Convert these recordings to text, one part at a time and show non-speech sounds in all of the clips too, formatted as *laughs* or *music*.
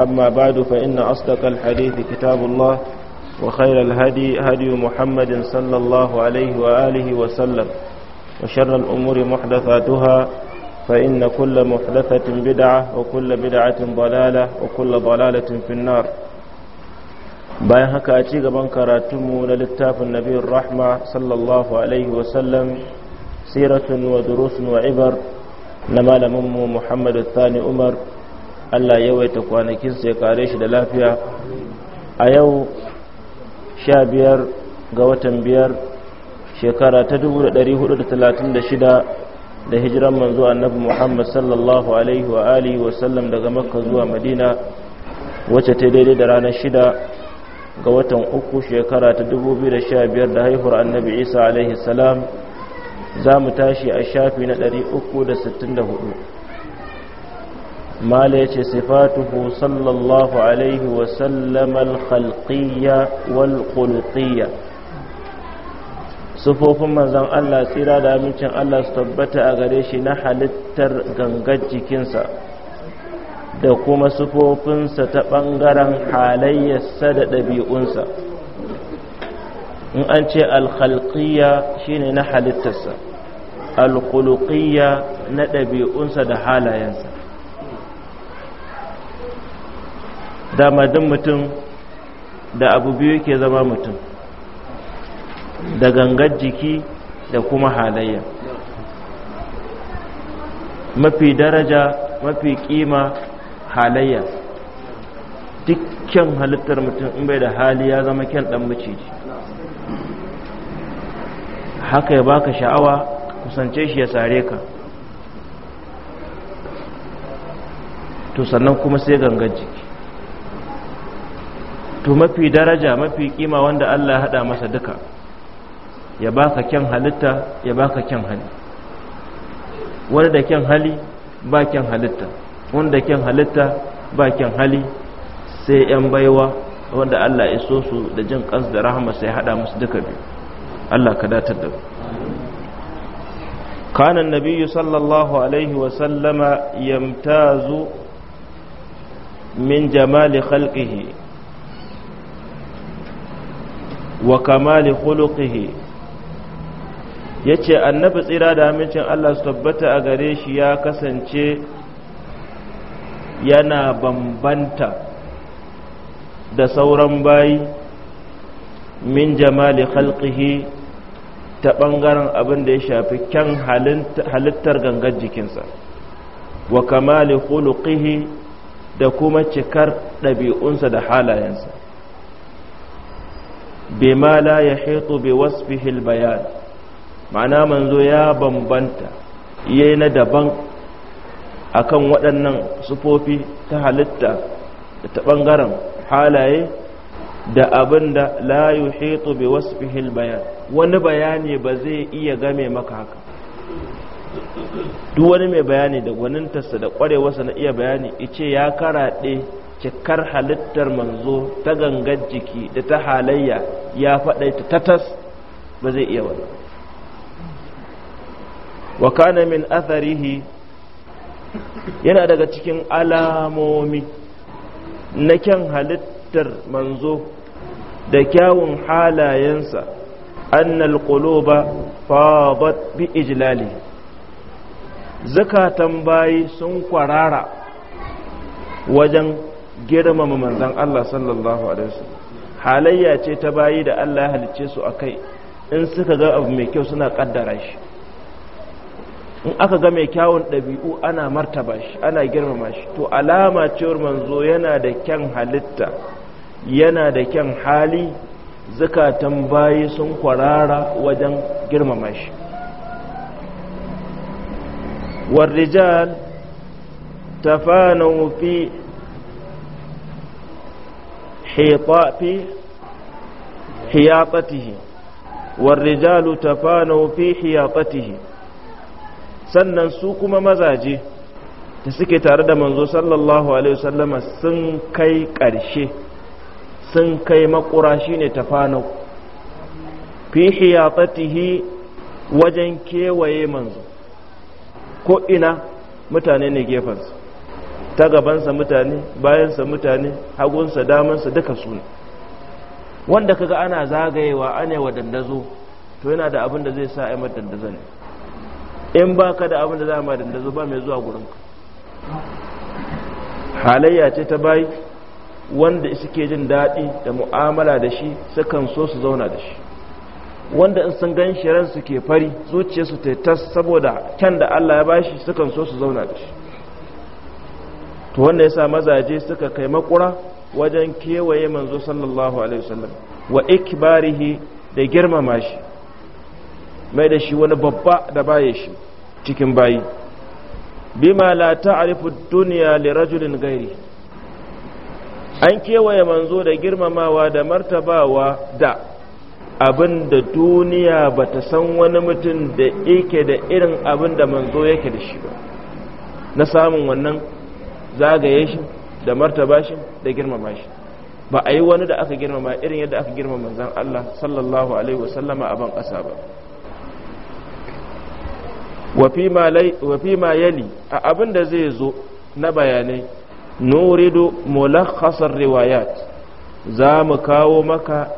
أما بعد فإن أصدق الحديث كتاب الله وخير الهدي هدي محمد صلى الله عليه وآله وسلم وشر الأمور محدثاتها فإن كل محدثة بدعة وكل بدعة ضلالة وكل ضلالة في النار bayan haka a ci gaban karatunmu na littafin nabiyar rahma sallallahu alaihi wasallam siratun wa durusun wa ibar na malaminmu muhammadu thani umar Allah yawaita kwanakinsa ya kare shi da lafiya a yau sha biyar ga watan biyar shekara ta 1436 da hijiran manzo annabi Muhammad sallallahu alaihi wa alihi wa sallam daga makka zuwa madina wacce ta daidai da ranar shida ga watan uku shekara ta 2015 da haihuwar annabi isa alaihi salam za mu tashi a shafi na 364 mala ya ce sifatuhu sallallahu alaihi wasallam alkhalqiyya wal khulqiyya sufofin manzon Allah tsira da Allah su tabbata a gare shi na halittar gangar jikinsa da kuma sufofinsa ta ɓangaren halayyarsa da ɗabi'unsa in an ce alkhalqiyya shine na halittarsa alkhuluqiyya na ɗabi'unsa da halayensa dama mutum da abu biyu ke zama mutum da gangar jiki da kuma halayya mafi daraja mafi kima halayya dukkan halittar mutum in bai da hali ya zama kyan dan maciji haka ya baka sha'awa kusance shi ya sare ka to sannan kuma sai gangar jiki to mafi daraja mafi kima wanda Allah hada masa duka ya baka kyan halitta ya baka kyan hali wanda da kyan hali ba kyan halitta wanda kyan halitta ba kyan hali sai yan baiwa wanda Allah ya so su da jin kansu da rahama sai hada masa duka biyu Allah ka datar da كان النبي sallallahu alaihi عليه وسلم min jamali جمال خلقه wa kamali khuluqihi yace annabi tsira da amincin Allah su tabbata a gare shi ya kasance yana bambanta da sauran bayi min jamali khalqihi ta bangaren abin da ya shafi kyan halittar gangar jikinsa wa kamali khuluqihi da kuma cikar dabi'unsa da halayensa bima la yahitu bi wasfihi bayan ma'ana manzo ya bambanta yayi na daban akan waɗannan sufofi ta halitta da ta bangaren halaye da abin da la yuhitu bi wasfihi bayan wani bayani ba zai iya game maka haka duk wani mai bayani da gwanintarsa da kwarewarsa na iya bayani ice ya karaɗe cikar halittar manzo ta gangar jiki da ta halayya ya faɗaita tatas ba zai iya wani wa kana min atharihi yana daga cikin alamomi na kyan halittar manzo da kyawun halayensa annal quluba fadat bi ijlali zakatan bayi sun kwarara wajen girmama manzan Allah sallallahu alaihi wasallam halayya ce ta bayi da Allah ya halicce su a kai in suka ga abu mai kyau suna kaddara shi in aka ga mai kyawun ɗabi'u ana martaba shi ana girmama shi to alama cewar manzo yana da kyan halitta yana da kyan hali zakatan bayi sun kwarara wajen girmama shi rijal tafanu fi hiyaqatihi warrijalu tafanaw fi hiyaqatihi sannan su kuma mazaje da suke tare da manzo sallallahu alaihi wasallama sun kai ƙarshe sun kai makura shine tafanau fi hiyatatihi wajen kewaye manzo ko ina mutane ne gefansu ta gabansa mutane bayansa mutane hagunsa damansa duka su ne wanda kaga ana zagayewa ana wa dandazo to yana da abin da zai sa a mata dandazo ne in ba ka da abin da za a ma dandazo ba mai zuwa gurin ka. halayya ce ta bayi wanda suke jin daɗi da mu'amala da shi sukan so su zauna da shi wanda in sun gan shi ransu ke fari zuciyarsu ta tas saboda kyan da Allah ya bashi sukan so su zauna da shi to wanda yasa mazaje suka kai makura wajen kewaye manzo sallallahu alaihi wasallam wa ikbarihi da girmama shi mai da shi wani babba da baye shi cikin bayi bima la ta'rifu dunya li rajulin gairi an kewaye manzo da girmamawa da martabawa da abin da duniya ba ta san wani mutum da yake da irin abin da manzo yake da shi ba na samun wannan zagaye shi da martaba shi da girmama shi ba a yi wani da aka girmama irin yadda aka girmama zan Allah sallallahu alaihi wasallama a ban ƙasa ba wafi ma yali a abin da zai zo na bayanai nurido mulakhasar riwayat za mu kawo maka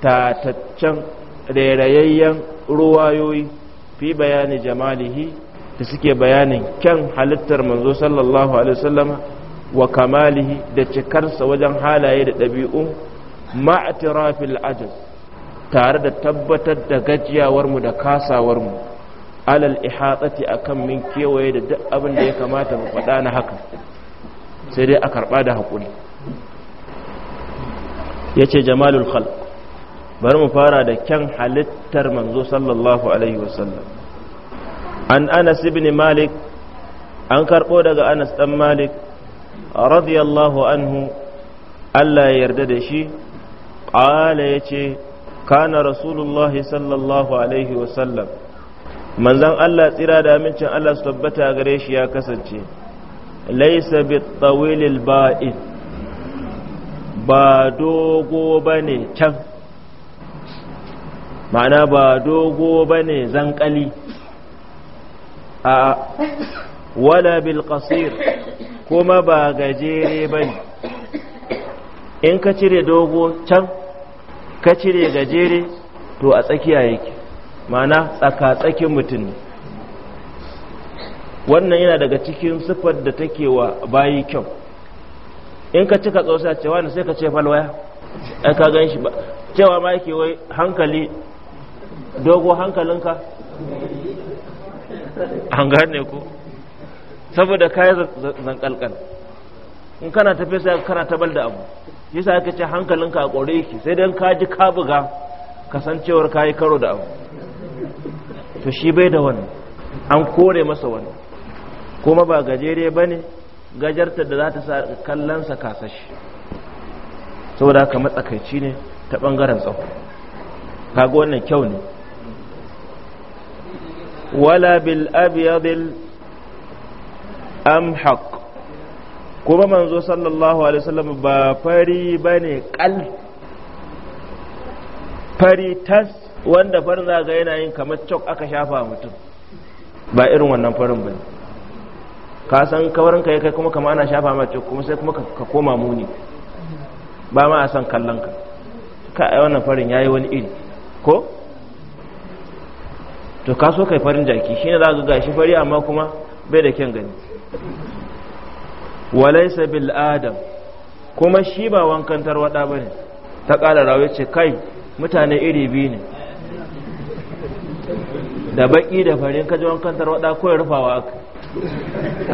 tataccen rairayayyen ruwayoyi fi bayani jamalihi da suke bayanin kyan halittar manzo sallallahu alaihi wasallama wa kamalihi da cikarsa wajen halaye da ɗabi'u ma'atirafil ajiz tare da tabbatar da gajiyawarmu da kasawarmu alal ihatsati akan min kewaye da duk abin da ya kamata mu faɗa na haka sai dai a karɓa da haƙuri ya ce jamalul khalq bari mu fara da kyan halittar manzo sallallahu alaihi wasallam an anas ibn malik an karɓo daga anas ɗan malik radiyallahu anhu allah ya yarda da shi ƙala yace kana rasulullahi sallallahu alaihi wasallam manzan allah tsira da amincin allah su tabbata gare shi ya kasance laisa bi tawilil ba'id ba dogo ba ne can ma'ana ba dogo ba ne zankali a wala bil qasir kuma ba gajere bane in ka cire dogo can ka cire gajere to a tsakiya yake mana tsaka-tsakin mutum ne wannan yana daga cikin siffar da take wa bayi kyau in ka cika tsosa cewa ne sai ka ce falwaya ai ka gan ba cewa ma yake wai hankali dogo hankalinka an gane ku? saboda kayi zankalkal in kana tafiya sai kana tabal da abu shi yasa aka ce hankalinka a kore yake sai dan ka ji ka buga kasancewar kayi karo da abu to shi bai da wani an kore masa wani kuma ba gajere ba ne gajarta da za ta sa kallansa kasashe saboda haka matsakaici ne ta ɓangaren tsawo kaga wannan kyau ne Walabil bil abyadil كما kuma manzo sallallahu alaihi وسلم ba fari bane kal fari wanda farin za ga yana yi kamar cok aka shafa mutum ba irin wannan farin bane ka san kawarin kai kai kuma kamar ana shafa ma kuma sai kuma ka koma muni ba ma a san kallon ka ai wannan farin yayi wani iri ko to ka so kai farin jaki shine za ga shi fari amma kuma bai da kyan gani walaysa bil adam kuma shi ba wankan tarwada bane ta kala rawaye ce kai mutane iri biyu ne da baki da farin kaji wankan tarwada ko ya rufawa aka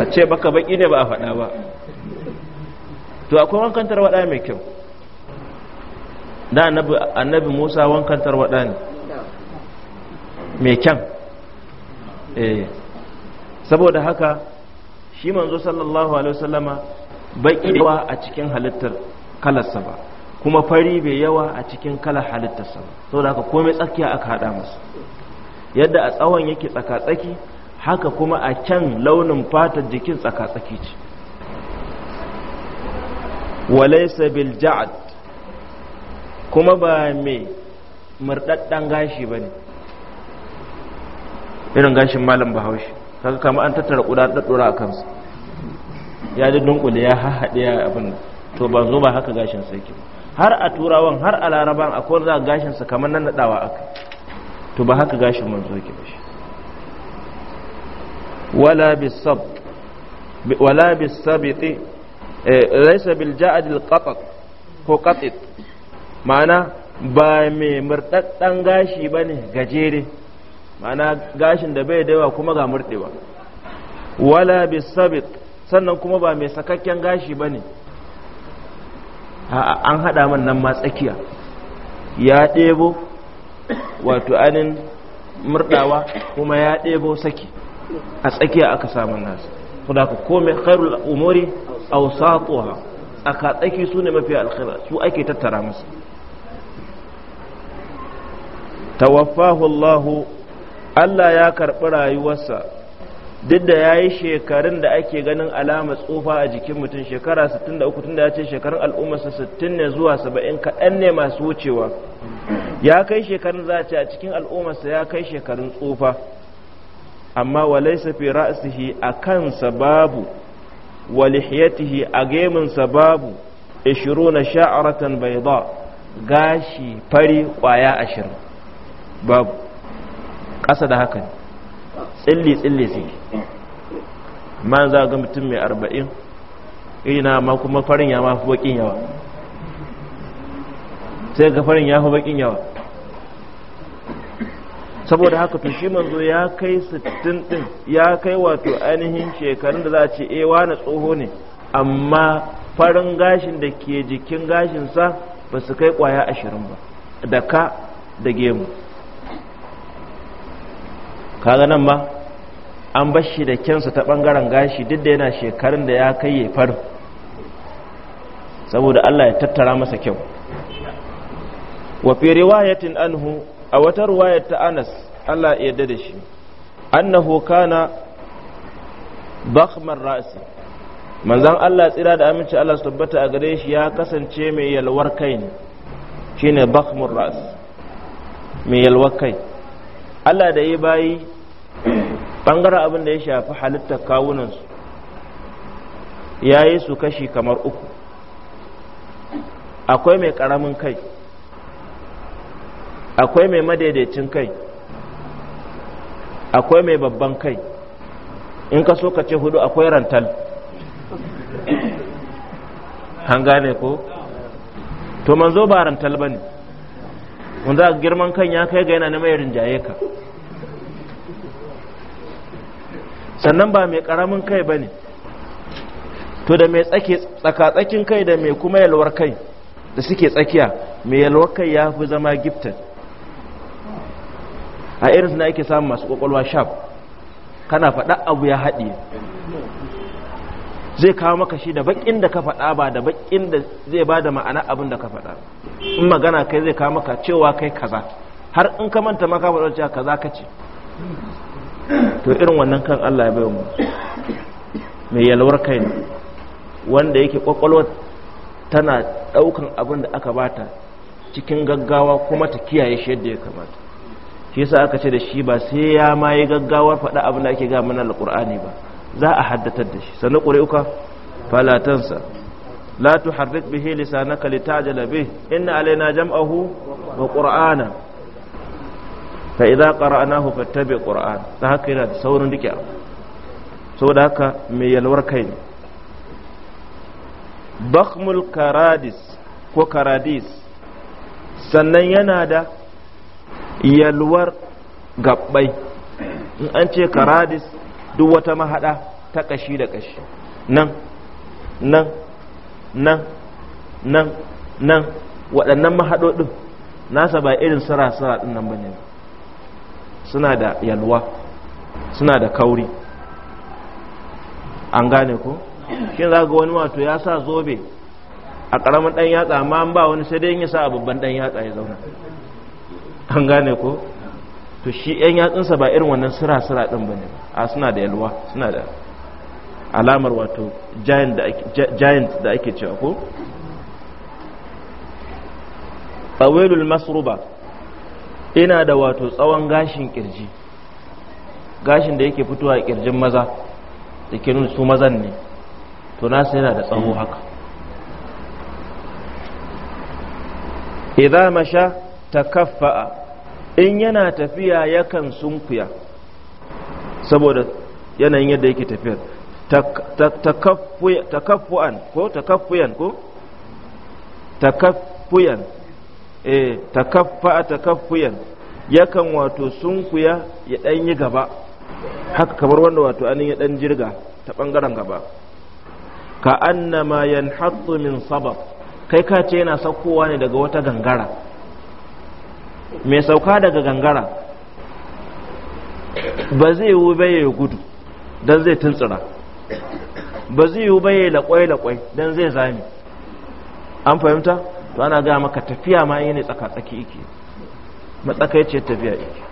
a ce baka baki ne ba a faɗa ba to akwai wankan tarwada mai kyau da annabi musa wankan tarwada ne mai kyan eh. saboda haka shi manzo sallallahu alaihi wasallama baki yawa a cikin halittar kalarsa ba kuma fari bai yawa a cikin kalar halittarsa ba saboda haka komai tsakiya aka hada masa yadda a tsawon yake tsaka-tsaki haka kuma a kyan launin fatar jikin tsakatsaki ce walaisa bil ja'ad kuma ba mai murɗaɗɗen gashi ba ne irin gashin malam bahaushe kaga kama an tattara kuda da dora a kansa ya ji dunkule ya haɗe ya abin to ba zo ba haka gashin sa yake har a turawan har a laraban kowar za gashin sa kamar nan nadawa aka to ba haka gashin zo yake ba shi wala bisab wala bisabiti eh, laysa bil ja'd al qatat ko qatit ma'ana ba mai murdaddan gashi bane gajere ma'ana gashin da bai da yawa kuma ga murɗewa wala bisabit sannan kuma ba mai sakakken gashi ba ne an haɗa man nan ma tsakiya ya ɗebo wato anin murɗawa kuma ya ɗebo saki a tsakiya aka samun nasu Kuma ka kome khairul umuri au satuwa aka tsaki su mafi alkhira su ake tattara musu tawaffahu Allahu Allah ya karɓi rayuwarsa duk da ya yi shekarun da ake ganin alama tsufa a jikin mutum shekara 63 tun da ya ce shekarun al'ummarsa 60 ne zuwa 70 kaɗan ne masu wucewa ya kai shekarun za a cikin al'ummarsa ya kai shekarun tsufa amma walai safi ra'asihi a kan sababu wa lihiyatihi a geminsa babu 20 sha'aratan bayda gashi fari kwaya ashirin babu ƙasa da haka tsilli tsilli yi. ma za ga mutum mai arba'in ina ma kuma farin ya mafi bakin yawa sai ga farin ya fi bakin yawa saboda haka to shi manzo ya kai sittin ɗin ya kai wato ainihin shekarun da za a ce ewa eh, na tsoho ne amma farin gashin da ke jikin gashinsa ba su kai kwaya ashirin ba da ka da gemu kaga nan ma an bar shi da kyansa ta bangaren gashi duk da yana shekarun da ya kai ya faru saboda Allah ya tattara masa kyau wa fi riwayatin anhu a wata riwayar ta Anas Allah ya yarda da shi annahu kana bakhman ra'si manzon Allah tsira da aminci Allah su tabbata a gare shi ya kasance mai yalwar kai ne shine bakhmur ra's mai yalwar kai Allah da ya bayi bangaren abin da ya shafi halittar kawunansu ya yi su kashi kamar uku akwai mai karamin kai akwai mai madaidaicin kai akwai mai babban kai in ka so ka ce hudu akwai rantal hanga ne ko to manzo ba rantal ba ne wanda girman kan ya kai ga yana neman ya rinjaye ka sannan ba mai karamin kai ba ne to da mai tsakatsakin kai da mai kuma yalwar kai da suke tsakiya mai yalwar kai ya fi zama gifted a irin na ake samun masu kwakwalwa sharp kana faɗa abu ya haɗe zai kawo maka shi da bakin da ka faɗa ba da bakin da zai ba da ma'ana abin da ka faɗa in magana kai zai kawo maka cewa kai kaza har in ka manta maka ba zai kaza ka to irin wannan kan Allah ya bai mu mai yalwar kai ne wanda yake kwakwalwa tana ɗaukan abin da aka bata cikin gaggawa kuma ta kiyaye shi yadda ya kamata shi yasa aka ce da shi ba sai ya ma yi gaggawar faɗa abin da ake ga mana alƙur'ani ba za a haddatar da shi sannan ƙuri'uka falatansa la tuharrik bihi lisanaka litajala bih inna alaina jam'ahu wa qur'ana fa idza qara'nahu fattabi qur'an ta haka yana da saurin rike abu saboda haka mai yalwar kai ne bakhmul karadis ko karadis sannan yana da yalwar gaɓai in an ce karadis duk wata mahada ta kashi da kashi nan nan nan nan nan waɗannan mahaɗoɗin nasa ba irin sarasara ɗin nan ba ne suna da yalwa suna da kauri an gane ko kin za ga wani wato ya sa zobe a ƙaramin ɗan yatsa amma an ba wani sai dai ya sa a babban ɗan yatsa ya zauna an gane ko to shi ɗan yatsunsa ba irin wannan sira-sira ɗin ba ne a suna da yalwa suna da alamar wato giant da ake cewa ko awelul masruba ina da wato tsawon gashin kirji gashin da yake fitowa a kirjin maza da ke nuna su mazan ne to nasa yana da tsawo haka idan masha takaffa'a in yana tafiya yakan sunkuya saboda yanayin yadda yake tafiyar takaffuyan ko takaffuyan ko takaffuyan eh takaffa takaffuyan yakan wato sunkuya ya dan yi gaba haka kamar wanda wato anin ya dan jirga ta bangaren gaba ka annama yanhaddu min sabab kai ka ce yana saukowa ne daga wata gangara mai sauka daga gangara ba zai yi gudu dan zai tuntsira ba zai yi ba ya laƙwai laƙwai don zai zami an fahimta to ana gaya maka tafiya ma yi ne tsakatsaki ike matsakaice tafiya ike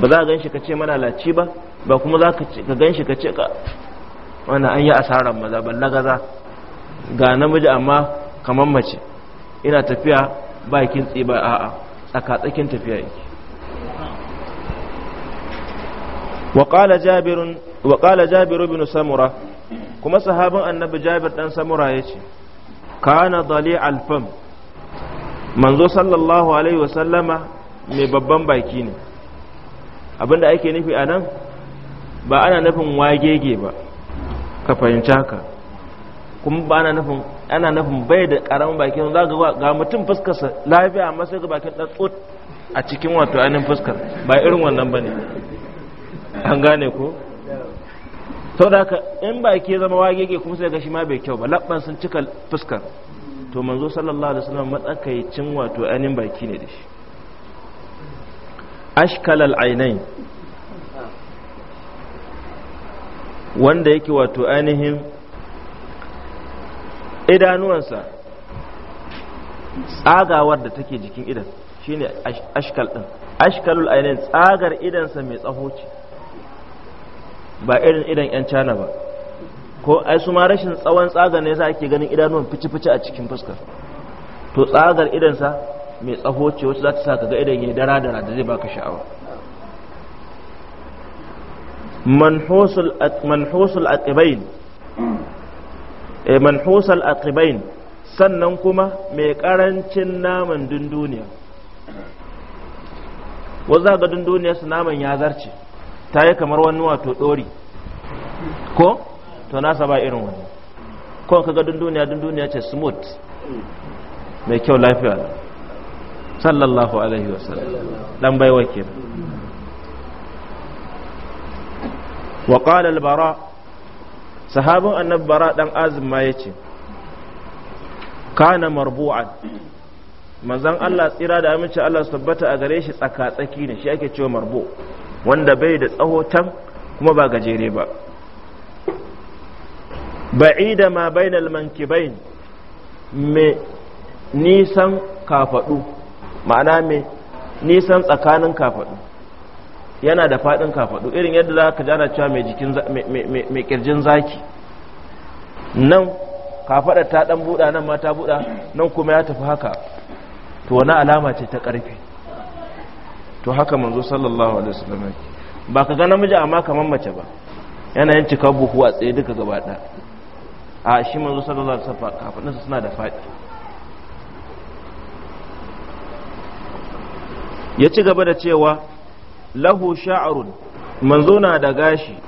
ba za a gan shi ka ce mana laci ba ba kuma za ka gan shi ka ce ka wani an yi asarar maza na gaza ga namiji amma kamar mace ina tafiya ba kintsi ba a'a tsakatsakin tafiya yake وقال جابر وقال جابر بن سمره kuma sahabin annabi jabir dan samura ya ce kana dali alfam manzo sallallahu alaihi wasallama mai babban baki ne abinda ake nufi anan nan ba ana nufin wagege ba ka fahimci haka kuma ba ana nufin ana nufin bai da karamin baki za ga ga mutum fuskarsa lafiya amma sai ga bakin da tsot a cikin wato ainihin fuskar ba irin wannan bane an gane ko sau da haka in ba ke zama wage ke kuma sai ga shi ma bai kyau ba labban sun cika fuskar to manzo sallallahu alaihi wasallam matsakaicin wato ainihin baki ne da shi ashkalal ainain wanda yake wato ainihin idanuwansa tsagawar da take jikin idan shine ashkal din ashkalul ainain tsagar idansa mai tsaho ce ba irin idan yan cana ba ko ai su ma rashin tsawon tsagar ne yasa ake ganin idanuwan fici-fici a cikin fuskar to tsagar idansa mai tsaho ce wacce za ta sa ka ga idan ya dara-dara da zai baka sha'awa manhusul aqibain eh manhusul aqibain sannan kuma mai karancin naman dunduniya wanda ga dunduniya su naman ya zarce ta yi kamar wani wato ɗori ko to nasa ba irin wani ko kaga dunduniya dunduniya ce smooth mai kyau lafiya sallallahu alaihi wasallam dan bai wake wa qala al-bara sahabin annab bara dan azim ma yace kana marbu'an manzon Allah tsira da amince Allah su tabbata a gare shi tsaka tsaki ne shi ake cewa marbu' wanda bai da tsahotan kuma ba gajere ba ba'ida ma bainal mankibain me nisan kafadu ma'ana me nisan tsakanin kafadu yana da fadin kafadu irin yadda za ka jana cewa mai jikin mai kirjin zaki nan kafada ta dan buda nan ma ta buda nan kuma ya tafi haka to wani alama ce ta karfi to haka manzo sallallahu alaihi wasallam ba ka ga namiji amma kaman mace ba yana yin cika buhu a tsaye duka gaba a shi manzo sallallahu alaihi wasallam kafaɗinsa suna da faɗi ya ci gaba da cewa lahu sha'arun manzo na da gashi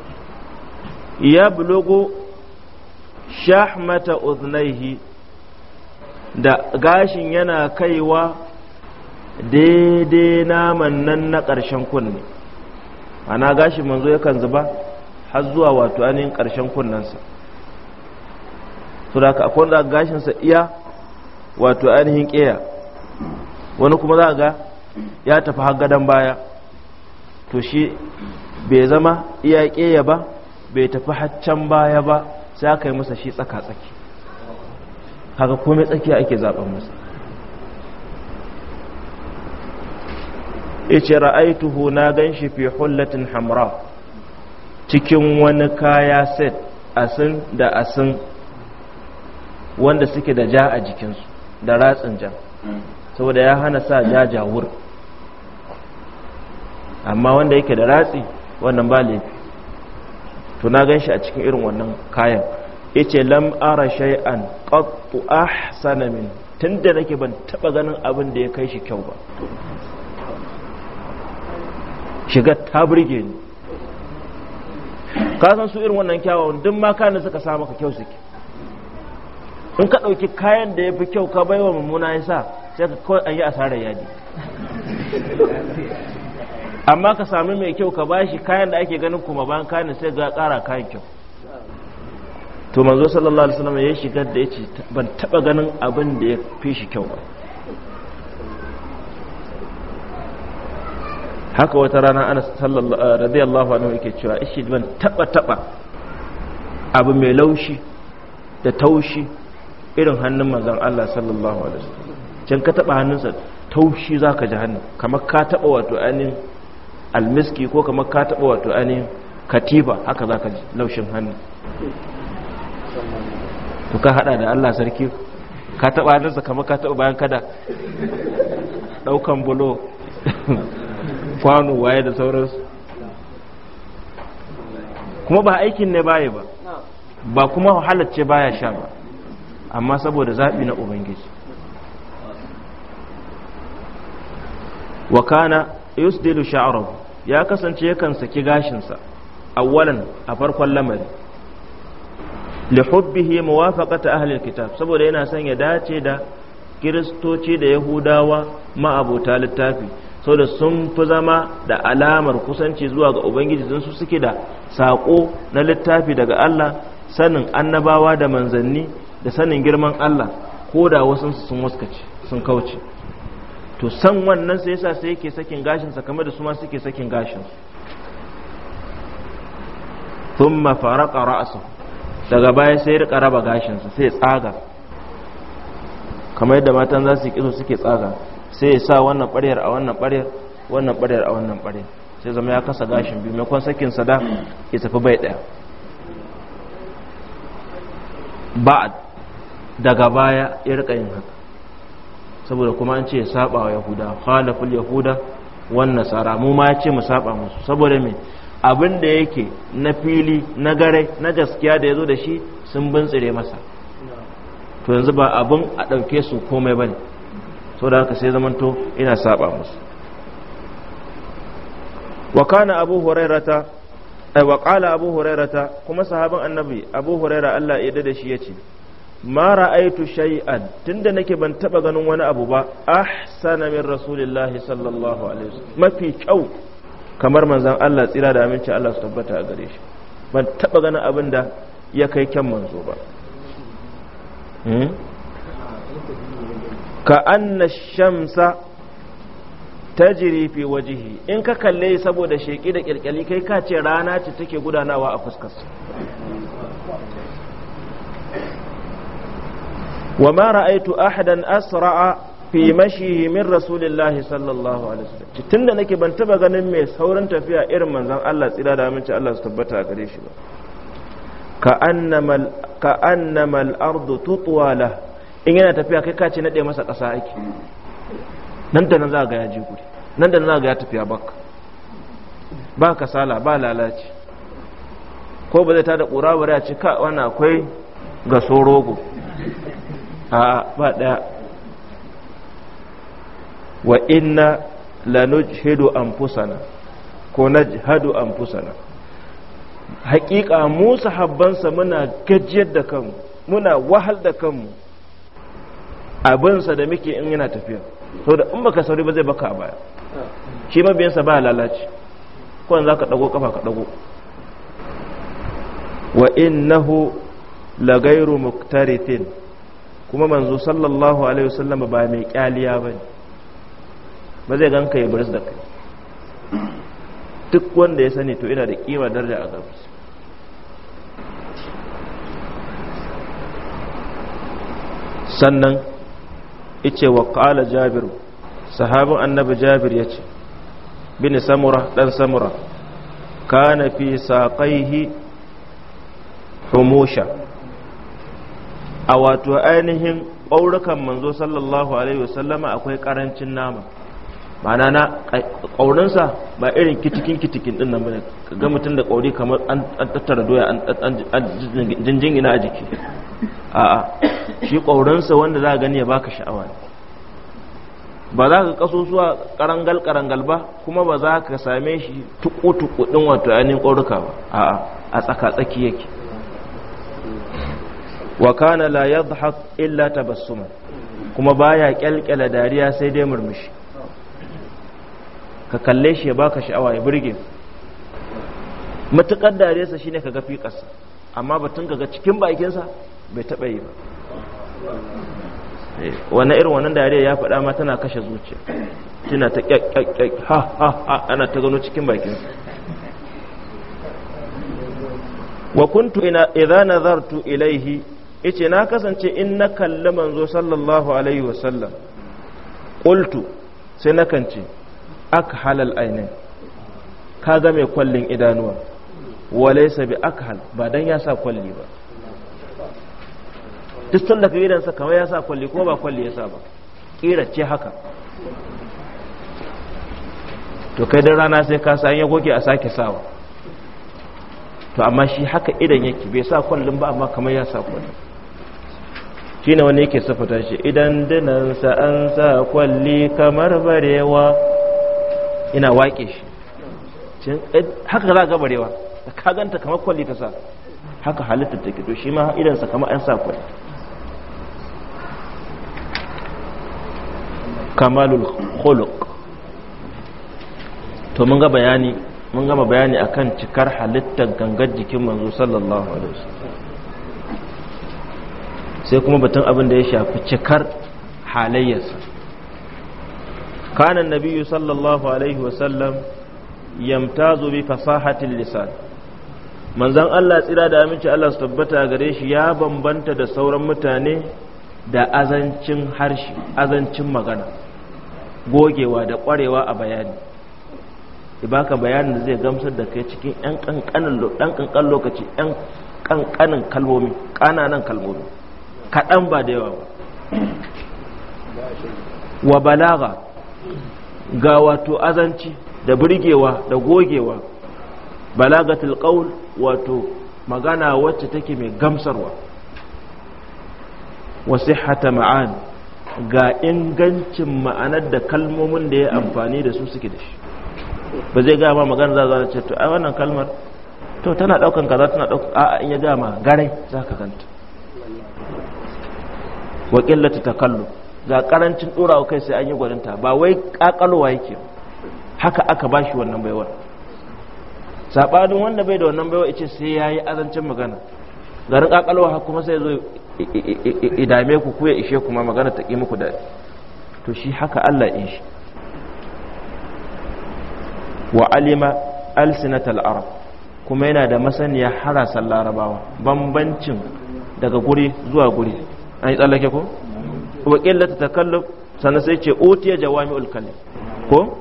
ya bulogo shahmata uznaihi da gashin yana kaiwa daidai naman nan na ƙarshen kunne ana gashi manzo yakan zuba har zuwa wato ainihin ƙarshen kunnensa su da ka akwai da gashinsa iya wato ainihin ƙeya wani kuma za ga ya tafi har gadon baya to shi bai zama iya ƙeya ba bai tafi haccan baya ba sai aka yi masa shi tsaka-tsaki haka komai tsakiya ake zaben masa yace ra'aituhu na ganshi fi hullatin hamra cikin wani kaya set asin da asin wanda suke da ja a jikinsu da ratsin ja saboda ya hana sa ja jawur amma wanda yake da ratsi wannan ba laifi to na ganshi a cikin irin wannan kayan yace lam ara shay'an qattu ahsana min tunda nake ban taba ganin abin da ya kai shi kyau ba shiga ta burge ni ka san su irin wannan kyawawan duk ma kayan da suka sa maka kyau suke in ka ɗauki kayan da ya fi kyau ka baiwa mummuna ya sa sai ka kawai an yi asarar yadi amma ka sami mai kyau ka bashi kayan da ake ganin kuma bayan kayan sai ga ƙara kayan kyau to manzo sallallahu alaihi wasallam ya shigar da yace ban taba ganin abin da ya fi shi kyau ba haka wata rana ana sallallahu eh, radiyallahu anhu yake cewa ishi ban taba taba abu mai laushi da taushi irin hannun manzon Allah sallallahu alaihi wasallam can ka taba hannunsa taushi zaka ji hannun kamar ka taba wato anin almiski ko kamar ka taba wato anin katiba haka zaka ji laushin hannun to ka hada da Allah sarki ka taba hannunsa kamar ka taba bayan kada daukan bulo *laughs* kwano waye da sauransu kuma ba aikin ne baya ba ba kuma halacce baya sha ba amma saboda zaɓi na ubangiji Wakana kana yusdilu sha'rahu ya kasance yakan saki gashinsa awwalan a farkon lamari li hubbihi muwafaqata ahli alkitab saboda yana son ya dace da kiristoci da yahudawa ma'abota littafi so da sun fi zama da alamar kusanci zuwa ga ubangiji don su suke da saƙo na littafi daga Allah sanin annabawa da manzanni da sanin girman Allah ko da wasu sun waskace sun kauce to san wannan sai yasa sai yake sakin gashinsa kamar da su ma suke sakin gashin thumma faraqa ra'su daga baya sai ya rika raba gashinsa sai tsaga kamar yadda matan za su yi kiso suke tsaga sai ya sa wannan ɓaryar a wannan ɓaryar wannan ɓaryar a wannan ɓaryar sai zama ya kasa gashin biyu maikon sakin sada ya tafi bai ɗaya ba daga baya ya rika yin haka saboda kuma an ce ya saba wa yahuda halafin yahuda wan nasara mu ma ya ce mu saba musu saboda me abin da yake na fili na gare na gaskiya da ya zo da shi sun bintsire masa to yanzu ba abin a ɗauke su komai ba ne sau da haka sai zamanto ina saba musu wa kana abu hurairata ai eh, wa qala abu hurairata kuma sahabin annabi abu huraira Allah ya da shi yace ma aitu shay'an tunda nake ban taba ganin wani abu ba ahsana min rasulillahi sallallahu alaihi wasallam mafi kyau kamar manzon Allah tsira da aminci Allah su tabbata a gare shi ban taba ganin abin da ya kai kyan manzo ba hmm? ka anna shamsa tajri fi wajihi in ka kalle saboda sheki da kirkali kai ka ce rana ce take gudanawa a fuskarsa wa ma ra'aitu ahadan asra'a fi mashihi min rasulillahi sallallahu alaihi wasallam tunda nake ban taba ganin mai saurin tafiya irin manzon Allah tsira da aminci Allah su tabbata a gare shi ba ka annamal ka annamal ardu tutwala in yana tafiya kai kace naɗe masa ƙasa ake nan da nan za ga ya je guri nan da nan za ga ya tafiya baka ba kasala ba lalaci ko ba zai tada ƙura bari a ce ka wani akwai ga sorogo a ba ɗaya wa inna nujhidu anfusana ko najhadu anfusana hakika mu sahabbansa muna gajiyar da kanmu muna wahal da kanmu abinsa da muke in yana tafiya to da in baka sauri ba zai baka a baya shi mabiyansa ba lalace kowane za ka ɗago kafa ka ɗago wa innahu la lagairu muktarithin kuma manzo sallallahu alaihi wasallam ba mai kyaliya ba ne, ba zai gan ka yi baris da kai duk wanda ya sani to ina da kima darja a gabansa sannan ice wa ƙala jabiru sahabin annabi jabir ya ce bin samura ɗan samura kana fi saƙaihi humusha a wato ainihin ƙaurukan manzo sallallahu alaihi wasallama akwai ƙarancin nama mana na ƙaurinsa ba irin kitikin kitikin ɗin nan bane ga mutum da ƙauri kamar an tattara doya an jinjina a jiki a'a shi ƙaurinsa wanda za a gani ya baka sha'awa ba za ka kaso suwa karangal karangal ba kuma ba za ka same shi tuku-tuku ɗin wato ainihin ƙauruka ba a'a a tsaka-tsaki yake wa kana la yadhhak illa tabassuma kuma baya kyalkyala dariya sai dai murmushi ka kalle shi ya baka sha'awa ya burge matukar dariyarsa shine kaga fiƙarsa amma batun ga cikin bakinsa bai taɓa yi ba eh, wannan irin wannan dariya ya faɗa ma tana kashe zuciya tana ta ƙyaƙƙyaƙ ha ha ha ana ta gano cikin bakinsa wa kuntu idza nazartu ilaihi yace na kasance in na kalli manzo sallallahu alaihi wa sallam. qultu sai na kance akhal al ka ga mai kwallin idanuwa walaysa bi akhal ba dan ya sa kwalli ba duk tun da ka sa kamar ya sa kwalli ko ba kwalli ya sa ba kira ce haka to kai dan rana sai ka sa ya goge a sake sawa to amma shi haka idan yake bai sa kwallin ba amma kamar ya sa kwallin shi ne wani yake ta shi idan sa an sa kwalli kamar barewa ina wake shi eh, haka za ga barewa ka ganta kamar kwalli ta sa haka halittar take to shi ma sa kamar an sa kwalli kamalul khuluq to mun ga bayani mun gama bayani akan cikar halittar gangar jikin manzo sallallahu alaihi wasallam sai kuma batun abin da ya shafi cikar halayyarsa Kana nabiyyu sallallahu alaihi wasallam yamtazu bi fasahatil lisan manzon Allah tsira da aminci Allah su tabbata gare shi ya bambanta da sauran mutane da azancin harshe azancin magana gogewa da ƙwarewa a bayani ya baka bayanin da zai gamsar da kai cikin ɗan ƙanƙan lokaci yan ƙanƙanin kalmomi ƙananan kalmomi kaɗan ba da yawa ba wa balaga ga wato azanci da birgewa da gogewa balagatul qaul wato magana wacce take mai gamsarwa wa sihhata ma'ani ga ingancin ma'anar da kalmomin da ya amfani da su suke da shi ba zai gama magana za a ce to a wannan kalmar to tana daukan kaza tana daukan a'a in ya gama garai za ka ganta wa qillatu takallu ga karancin dorawa kai sai an yi gwaninta ba wai kakalowa yake haka aka bashi wannan baiwar sabanin wanda bai da wannan baiwa ce sai ya yi azancin magana garin kakalowa kuma sai zo idame ku ku ya ishe kuma magana ta muku da to shi haka Allah in shi wa alima alsinatal arab kuma yana da masaniya harasan larabawa bambancin daga guri zuwa guri an yi tsallake ko wakilata takalluf sannan sai ce utiya jawami'ul kalim ko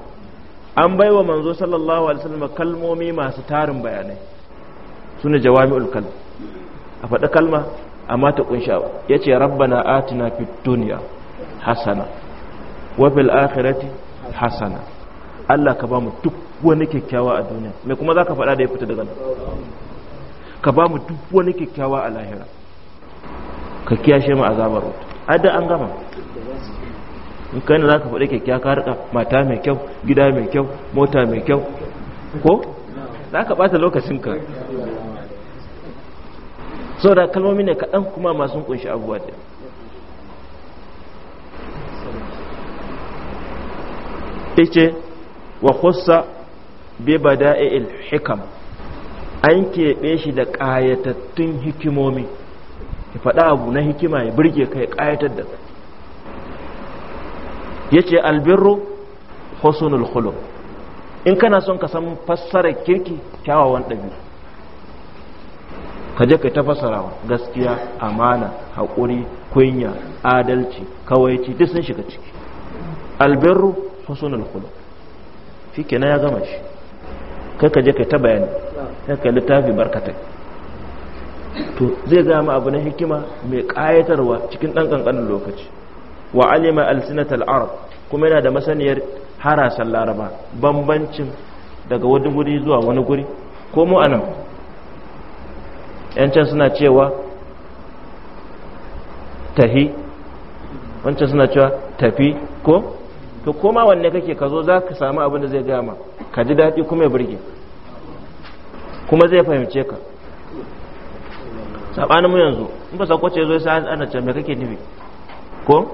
an baiwa manzo sallallahu alaihi wasallam kalmomi masu tarin bayanai sune jawami'ul kalim a faɗi kalma amma ta kunsha ya ce rabbana atina fi duniya hasana wa fil akhirati hasana Allah ka ba mu duk wani kyakkyawa a duniya me kuma za ka faɗa da ya fita daga nan ka ba mu duk wani kyakkyawa a lahira ka kiyashe mu azabar wuta adda an gama in kai ne za ka faɗi kyakkyawa ka harka mata mai kyau gida mai kyau mota mai kyau ko za ka ɓata ka. saboda kalmomi ne kaɗan kuma masu kunshi abubuwa da ice wa kusa bi bada'il hikam an keɓe shi da ƙayatattun hikimomi ya faɗa abu na hikima ya birge kai ya ƙayatar da ka ya ce albirru husnul holo in kana son ka san fassarar kirki kyawawan ɗabi'u ka je ka tafasarawa gaskiya amana haƙuri kunya adalci kawaici duk sun shiga ciki albirru husnul khuluq kenan ya gama shi kai ka je ka ta bayani kai ka littafi barkatai to zai mu abu na hikima mai ƙayatarwa cikin ɗan ƙanƙanin lokaci wa alima alsinatal arab kuma yana da masaniyar harasan laraba bambancin daga wani guri zuwa wani guri ko mu anan yancin suna cewa tahi wancan suna cewa tafi ko to koma wanne kake ka zo za ka samu abin da zai gama ka ji daɗi kuma ya burge kuma zai fahimce ka saɓanin mu yanzu in ba sako ce zo sai ana can me kake nufi ko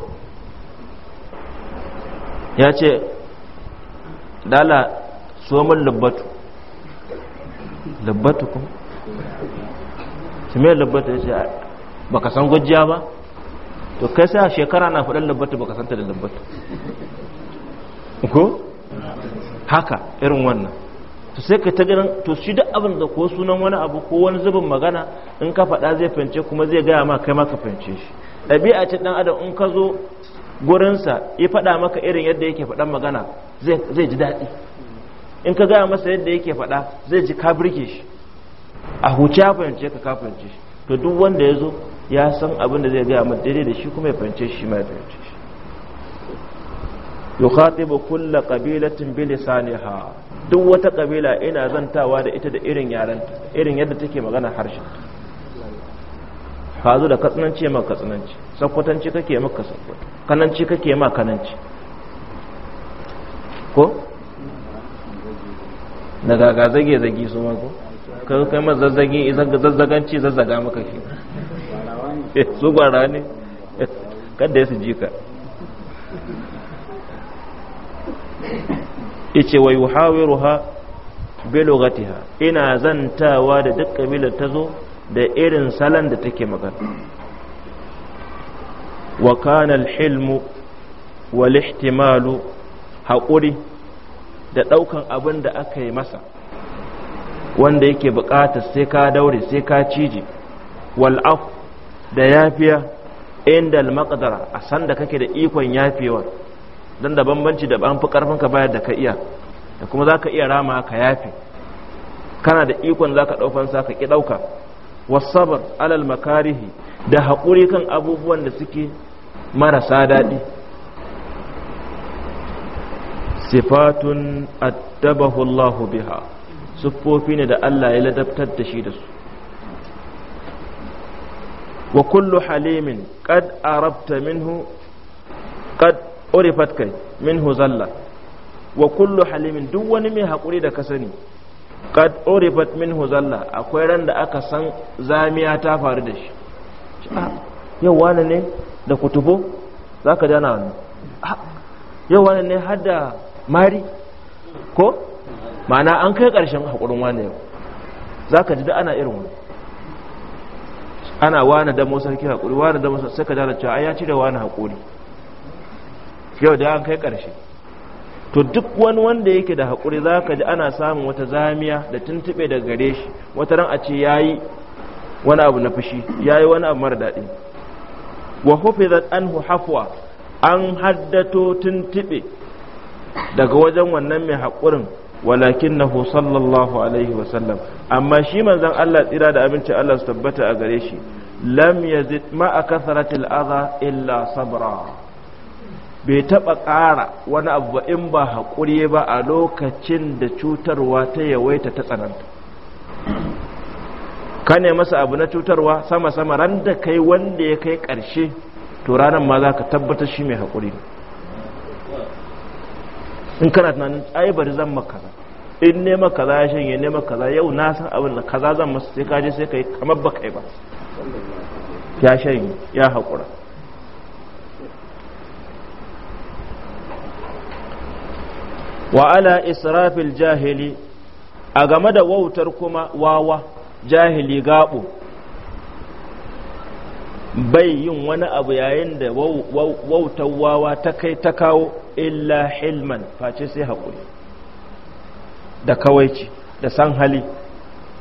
ya ce dala so min lubbatu lubbatu kuma su labbata ya ce ka san gwajiya ba to kai sa shekara na faɗin labbata san santa da labbata ko haka irin wannan to sai ka ta ganin to shi duk abin da ko sunan wani abu ko wani zubin magana in ka faɗa zai fahimce kuma zai gaya ma kai ma ka fahimce shi ɗabi'a ce ɗan adam in ka zo gurinsa ya faɗa maka irin yadda yake faɗan magana zai ji daɗi in ka gaya masa yadda yake faɗa zai ji ka birke shi a huce ya fahimce ka ka fahimce shi to duk wanda ya zo ya san abin da zai gaya mai daidai da shi kuma ya fahimce shi ma ya fahimce shi yukhatibu kulla qabilatin sani ha duk wata kabila ina zantawa da ita da irin yaren irin yadda take magana harshen ka zo da katsananci ma katsananci sakkwatanci kake maka sakkwato kananci kake ma kananci ko na gaga zage zagi su mako ko ka kai ma zazzagi idan ga zazzaganci zazzaga maka shi su gwara ne kada ya su ji ka yace wa yuhawiruha bi ha ina zantawa da duk kabilar zo da irin salan da take magana wa kana al-hilmu wal ihtimalu haƙuri da ɗaukan abin da aka yi masa wanda yake buƙatar sai ka daure sai ka cije wal'af da yafiya inda al-maqdara a sanda kake da ikon yafewa dan da bambanci da an fi karfin ka bayar da ka iya da kuma zaka iya rama ka yafi kana da ikon zaka daukan sa ka ki dauka wasabar alal makarihi da haƙuri kan abubuwan da suke marasa daɗi sifatun addabahu Allahu biha siffofi ne da Allah ya ladabtar da shi da su wa kullu halimin qad arabta minhu qad urifat kai minhu zalla wa kullu halimin duk wani mai hakuri da ka sani qad urifat minhu zalla akwai ran da aka san zamiya ta faru da shi yau wani ne da kutubo zaka jana wani yau wani ne hada mari ko ma'ana an kai ƙarshen haƙurin wane yau za ka ji da ana irin wani ana wane mosa ke haƙuri wane da mosa sai ka jana cewa ya cire wane haƙuri yau da an kai ƙarshe to duk wani wanda yake da haƙuri za ka ji ana samun wata zamiya da tuntuɓe da gare shi wata ran a ce ya yi wani abu na fushi ya yi wani abu mara daɗi wa hufizat anhu hafuwa an haddato tuntuɓe daga wajen wannan mai haƙurin walakinahu sallallahu alaihi wasallam amma shi manzan Allah tsira da abinci Allah su tabbata a gare shi lam yazid ma a kasaratil aza illa sabra bai taɓa ƙara wani abu in ba haƙuri ba a lokacin da cutarwa ta yawaita ta tsananta ka ne masa abu na cutarwa sama-sama ran da kai wanda ya kai ƙarshe to ranar ma za ka tabbatar shi mai haƙuri in kana tunanin ai bari zan maka in nema kaza ya shanye nema kaza yau na san abin da kaza zan masa sai kaje sai kai kamar ba kai ba ya shanye ya haƙura wa ala israfil jahili a game da wautar kuma wawa jahili gaɓo bai yin wani abu yayin da wautar wawa ta kai ta kawo illa hilman face sai haƙuri da kawaici da san hali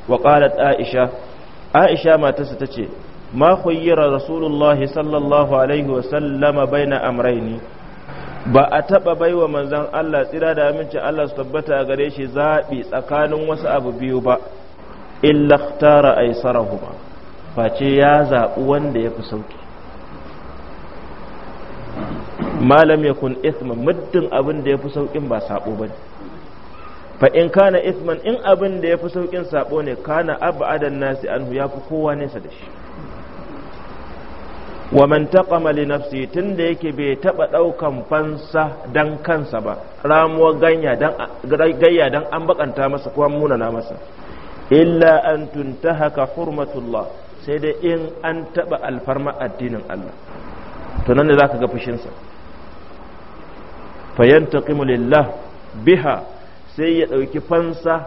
wa qalat aisha aisha matarsa tace ma khayyara rasulullah sallallahu alaihi wa baina amrayni ba a taba baiwa manzon Allah tsira da aminci Allah su tabbata gare shi zabi tsakanin wasu abu biyu ba illa khtara aisarahuma face ya zabu wanda ya fi sauki malam yakun ithma muddin abin da ya fi saukin ba sabo bane fa in kana isman in abin da ya fi saukin sabo ne kana abadan nasi anhu ya fi kowa nesa da shi wa man taqama li nafsi tunda yake bai taba daukan fansa dan kansa ba ramuwa ganya dan gayya dan an bakanta masa ko an munana masa illa an tuntahaka hurmatullah sai dai in an taba alfarma addinin Allah to nan ne zaka ga fushinsa. sa fayantaqimu lillah biha sai ya ɗauki fansa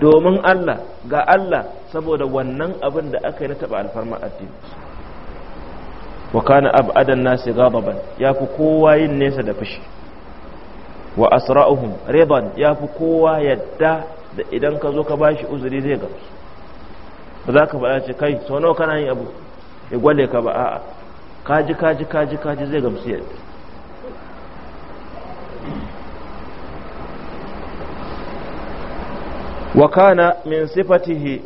domin Allah ga Allah saboda wannan abin da aka yi na taɓa alfarma addini wa kana ab'adan nasi ghadaban yafi kowa yin nesa da fushi wa asra'uhum ridan yafi kowa yadda da idan ka zo ka bashi uzuri zai gamsu ba za ka faɗa ce kai sau nawa kana yin abu ya gwale ka ba a'a kaji kaji kaji kaji zai gamsu yadda وكان من صفته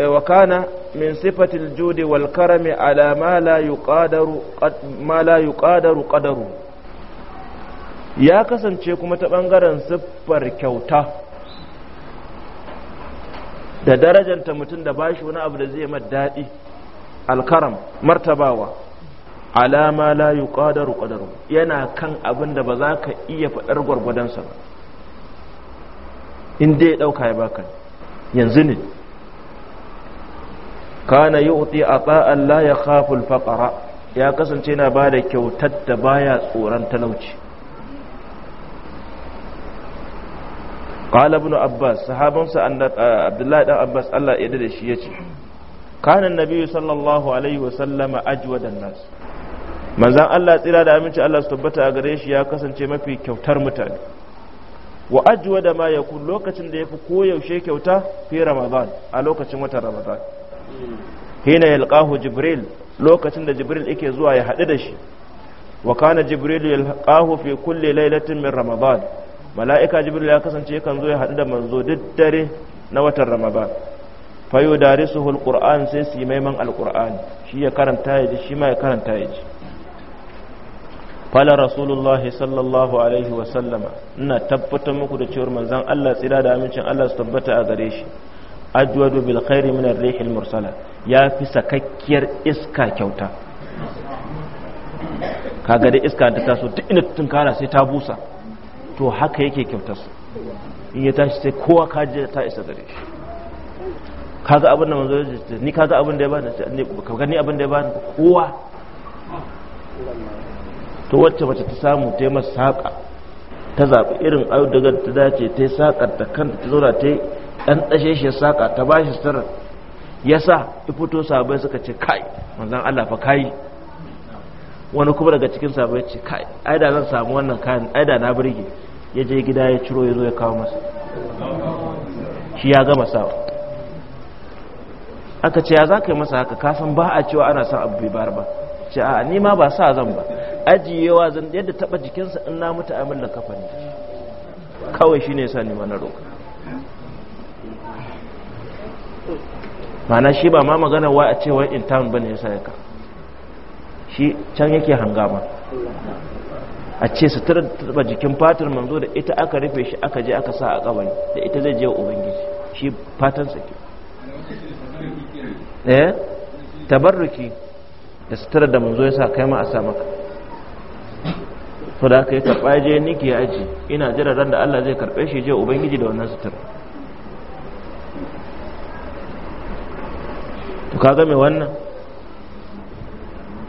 وكان من صفة الجود والكرم على ما لا يقادر ما لا يقادر قدره ya kasance kuma ta ɓangaren siffar kyauta da darajanta mutum da bashi wani abu da zai mai daɗi alkaram martabawa alama la yuqadaru qadaru yana kan abin da ba za ka iya faɗar gwargwadonsa ba in ya dauka ya baka yanzu ne kana yi a ata'an la ya al faƙara ya kasance yana bada kyautar da baya tsoron talauci qala ibn abbas sahabansa abdullahi dan abbas Allah ya da shi ya ce. Kanan annabi sallallahu alaihi wa sallama ajwadan nas manzan Allah tsira da aminci Allah su tabbata a gare shi ya kasance mafi kyautar mutane wa ajwa da ma ku lokacin da ya fi koyaushe kyauta fi ramadan a lokacin watan ramadan hina yalqahu jibril lokacin da jibril yake zuwa ya haɗu da shi wa kana jibril yalqahu fi kulli lailatin min ramadan mala'ika jibril ya kasance yakan zo ya haɗu da manzo duk dare na watan ramadan fayo dare su sai su yi maiman al'kur'ani shi ya karanta ya ji shi ma ya karanta ya ji fala rasulullahi sallallahu alaihi wa sallama ina tabbatar muku da cewar manzan Allah tsira da amincin Allah su tabbata a gare shi ajwadu bil khairi min ar-rihil mursala ya fi sakakkiyar iska kyauta kaga da iska ta taso duk inda tunkara sai ta busa to haka yake kyautar su in ya tashi sai kowa ka je ta isa gare shi kaga abin da manzo ni kaga abin da ya bani ka gani abin da ya bani kowa to wacce mace ta samu ta yi masa saƙa ta zaɓi irin audugar ta dace ta yi saƙar ta kanta ta zauna ta yi ɗan ɗashe shi saƙa ta ba shi sirrin ya sa fito sabai suka ce kai manzan Allah fa kai wani kuma daga cikin sabai ce kai da zan samu wannan kayan da na birge ya je gida ya ciro ya zo ya kawo masa shi ya gama sawa aka ce ya za ka yi masa haka kasan ba a cewa ana son abu bai bar ba ce a ni ma ba sa zan ba ajiyewa zan yadda taba jikinsa in na mutu amin da kafa ne kawai shine yasa ni mana roƙa mana shi ba ma magana wa a ce wai in town bane yasa yaka shi can yake hangama a ce sutura taba jikin fatar manzo da ita aka rufe shi aka je aka sa a kabari da ita zai je wa ubangiji shi fatan sa ke eh tabarruki da sutura da mun zo ya sa kai ma a sa maka to da aka yi karɓa je niki ya aji ina jira ran da Allah zai karɓe shi je ubangiji da wannan sutura to kaga me wannan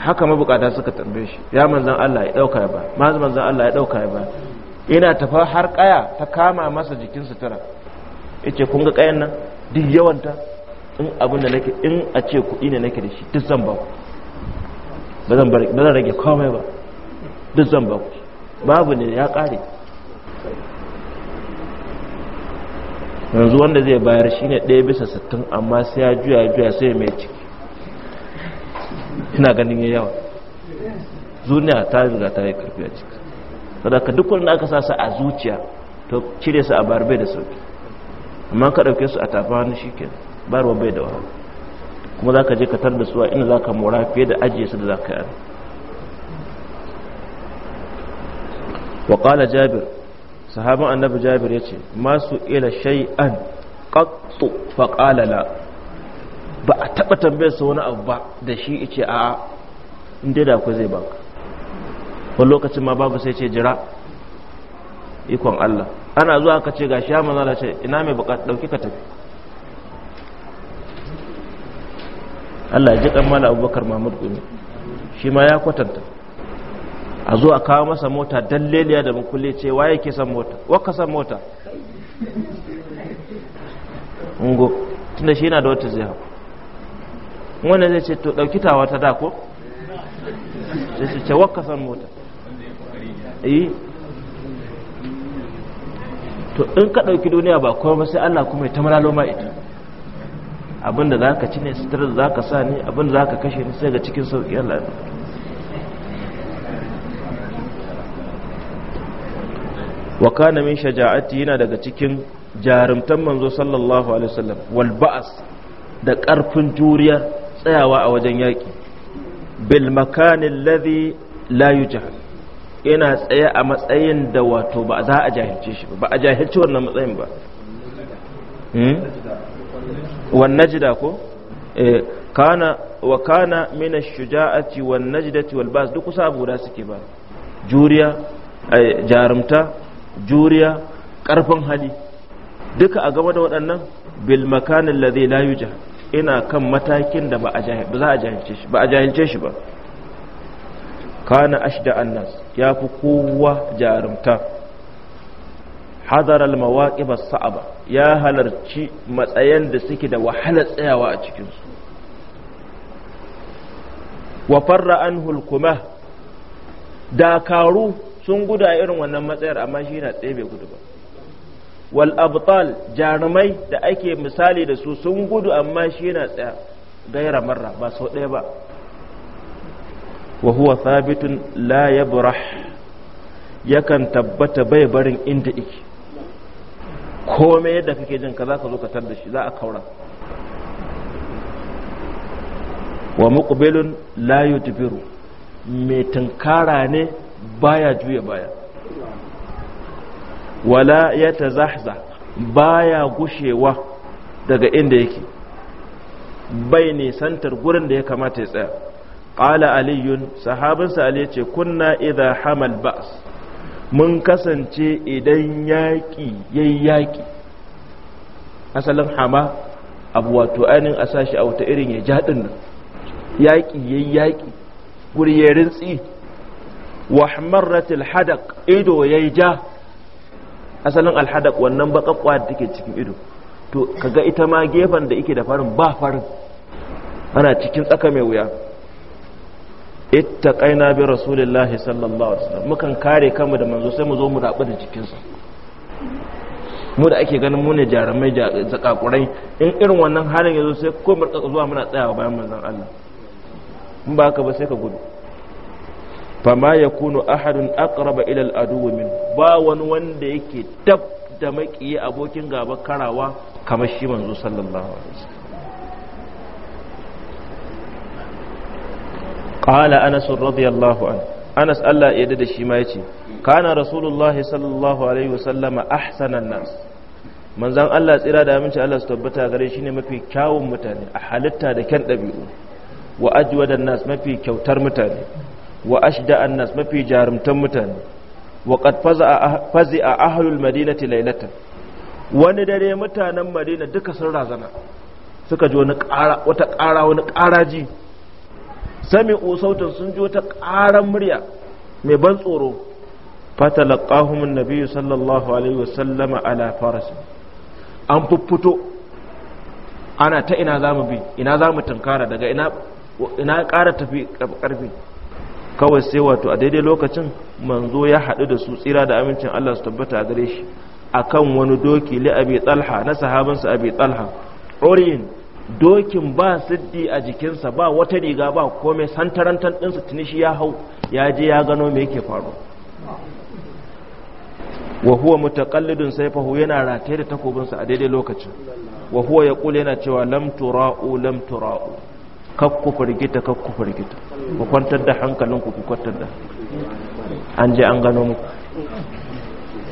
haka mabukata suka tambaye shi ya manzan Allah ya dauka ba ma manzan Allah ya dauka ba ina tafa har kaya ta kama masa jikin sutura yace kun ga kayan nan duk yawanta in abin da nake in a ce kuɗi ne nake da shi duk zan ba ku ba zan rage komai ba duk zan ba ku babu ne ya ƙare yanzu wanda zai bayar shi ne ɗaya bisa sittin amma sai ya juya juya sai mai ciki ina ganin ya yawa zuniya ta riga ta yi karfi a ciki sadaka duk wanda aka sa a zuciya to cire su a barbe da sauki amma ka ɗauke su a tafa wani shi ke barwa bai da wahala kuma za ka je ka tar da su a inda za ka mora fiye da ajiye su da za ka yi wa ƙala jabir sahabin annabi jabir ya ce masu ila shay'an ƙaƙƙo faƙalala ba a taɓa tambayar sa wani abu ba da shi ce a inda da ku zai ba. wani lokacin ma babu sai ce jira ikon Allah ana zuwa ka ce shi ya manzala ce ina mai buƙatar ɗauki ka tafi Allah ji kan abubakar mahmud gumi shi ma ya kwatanta a zo a kawo masa mota leliya da mukulle ce waye ke san mota waka san mota ngo tunda shi yana da wata zai hau wanda zai ce to dauki tawa ta da ko sai ce waka san mota yi eh. to in ka ɗauki duniya ba kuma sai Allah kuma ya tamalalo ma ita abinda za ka ci ne sutura da za ka sa ne abinda za ka kashe ne sai ga cikin sauƙi Allah wa kana min shaja'ati yana daga cikin jarumtan manzo sallallahu alaihi wasallam wal ba'as da ƙarfin juriya tsayawa a wajen yaƙi bil makan alladhi la yujahal yana tsaye a matsayin da wato ba za a jahilce shi ba a jahilce wannan matsayin ba hmm? wan najda ko eh, kana wa kana min ash-shuja'ati wan najdati wal bas duk kusa abu da suke ba juriya eh, jarumta juriya karfin hali duka a game da waɗannan bil makanin ladhi la yuja ina kan matakin da ba a jahilce shi ba a shi ba kana ashda annas yafi kowa jarumta hadar almawaqib as-sa'aba ya halarci matsayan da suke da wahala tsayawa a cikinsu. su wa farra anhu al dakaru sun guda irin wannan matsayar amma shi na tsaye bai gudu ba wal abtal jarumai da ake misali da su sun gudu amma shi na tsaya gaira marra ba sau ɗaya ba wa huwa thabitun la yabrah yakan tabbata bai barin inda yake komai yadda kake jin ka za ka zo ka tar da shi za a kaura wa muqbilun la yutbiru mai tunkara ne baya juya baya wala ya tazahza baya gushewa daga inda yake bai ne santar gurin da ya kamata ya tsaya qala aliyun sahabinsa ali ce kunna idha hamal ba's mun kasance idan yaƙi ya yi yaƙi asalin hama abu wato ainihin a sashi a wata irin ya jaɗin nan yaƙi ya yi yaƙi guri ya rintsi wahmarratil hadak ido ya ja asalin alhadak wannan baƙaƙwa da take cikin ido to kaga ita ma gefen da ike da farin ba farin ana cikin tsaka mai wuya ittaqaina bi rasulillahi sallallahu alaihi wasallam mukan kare kanmu da manzo sai mu zo mu rabu da jikinsa mu da ake ganin mu ne jarumai zaƙaƙurai in irin wannan halin yazo sai ko mu zuwa muna tsayawa bayan manzon Allah in ba ka ba sai ka gudu fama yakunu ahadun aqraba ila al-adu min ba wani wanda yake tab da makiyi abokin gaba karawa kamar shi manzo sallallahu alaihi wasallam qala anas radiyallahu an anas Allah ya da shi ma yace kana rasulullah sallallahu alaihi wasallama ahsanan nas manzon Allah tsira da aminci Allah su tabbata gare shi ne mafi kyawun mutane a halitta da kyan dabi'u wa ajwadan nas mafi kyautar mutane wa ashda'an nas mafi jarumtan mutane wa qad fazi'a ahlul madinati Laylata. wani dare mutanen madina duka sun razana suka ji wani ƙara wata ƙara wani ƙaraji Sami sautan sun ji wata ƙaran murya mai ban tsoro fatalaqahum an-nabiy sallallahu alaihi wasallama ala farasi an fuffuto ana ta ina zamu bi ina zamu tunkara daga ina ina ƙara tafi ƙarfi kawai sai wato a daidai lokacin manzo ya haɗu da su tsira da amincin Allah su tabbata a gare shi akan wani doki li abi talha na sahabansa abi talha urin dokin ba siddi a jikinsa ba wata riga ba komai santarantar ɗinsa tuni shi ya hau ya je ya gano me yake faru wa huwa sai-fahu yana rataye da takobinsa a daidai lokacin wa ya kula yana cewa lam tura'u lam tura'u kakku firgita kakku firgita ku kwantar da hankalinku ku kwantar da an je an gano muku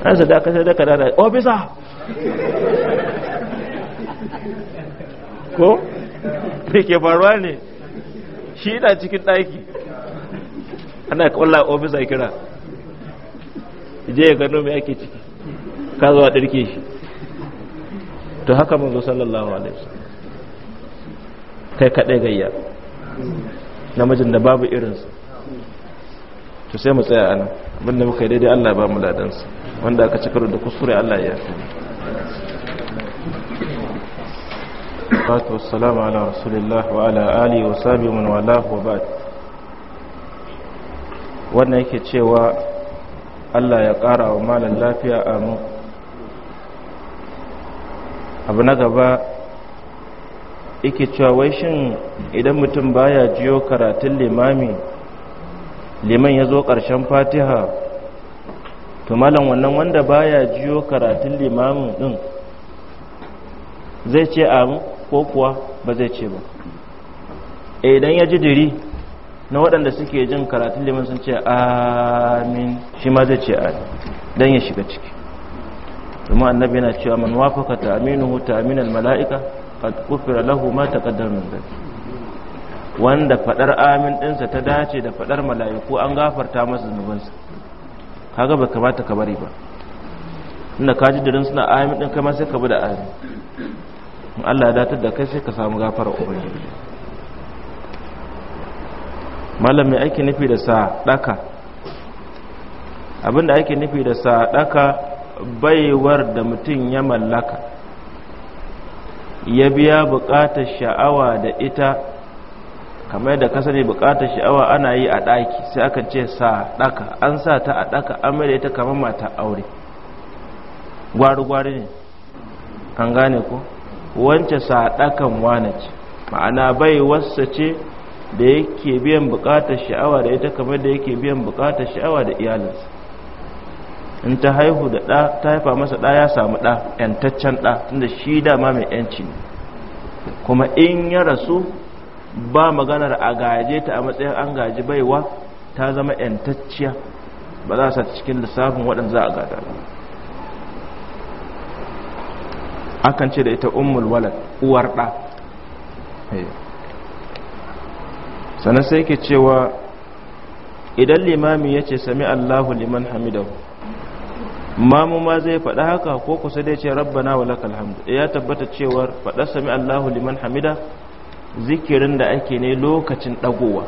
an sadaka sadaka da o bisa ko me ke faruwa ne shi ina cikin ɗaki ana kwallon a kira je ya gano mai ake ciki ka zuwa ɗirke shi to haka manzo sallallahu alaihi wasallam kai kaɗai gayya namijin da babu irinsa to sai mu tsaya ana abinda muka yi daidai Allah ba mu ladansa wanda aka cikar da kuskure Allah ya fi salatu wassalamu ala rasulillah wa ala ali wa sabi man wala wa wannan yake cewa Allah ya ƙara wa malam lafiya amin abu na gaba yake cewa wai shin idan mutum baya jiyo karatun limami liman ya zo ƙarshen fatiha to malam wannan wanda baya jiyo karatun limamin din zai ce amu ko kuwa ba zai ce ba eh, idan ya ji diri na waɗanda suke jin karatun liman sun ce amin shi ma zai ce amin don ya shiga ciki kuma annabi yana cewa man wafaka ta aminan mala'ika qad kufira lahu ma taqaddama min dhanbi wanda fadar amin ɗinsa ta dace da fadar mala'iku an gafarta masa zunubansa kaga ba kamata ka bari ba inda ka ji dirin suna amin ɗin kai ma sai ka bi da amin in Allah datar da kai sai ka samu gafara ubangiji malam mai ake nufi da sa sadaka abinda ake nufi da sa ɗaka baiwar da mutum ya mallaka ya biya bukatar sha'awa da ita kamar da ka sani bukatar sha'awa ana yi a ɗaki sai aka ce sa ɗaka an sa ta a ɗaka an mai da ita kamar mata aure gwari-gwari ne an gane ko wance sadakan wane ce ma'ana bai wasa ce da yake biyan bukatar sha'awa da ita kamar da yake biyan bukatar sha'awa da iyalinsa in ta haihu da ɗa ta haifa masa ɗa ya samu ɗa ‘yantaccen ɗa tunda shi dama mai ‘yanci ne kuma in ya rasu ba maganar a gaje ta a matsayin an gaji baiwa ta zama ‘yantacciya ba za a sa cikin lissafin waɗanda za a gada akan ce da ita ummul walad uwar da sannan sai ke cewa idan limami ya ce sami allahu liman hamidahu mamu ma zai faɗa haka ko kusa dai ce rabbana wa lakal hamdu eh, ya tabbata cewar faɗa sami allahu liman hamida zikirin da ake ne lokacin ɗagowa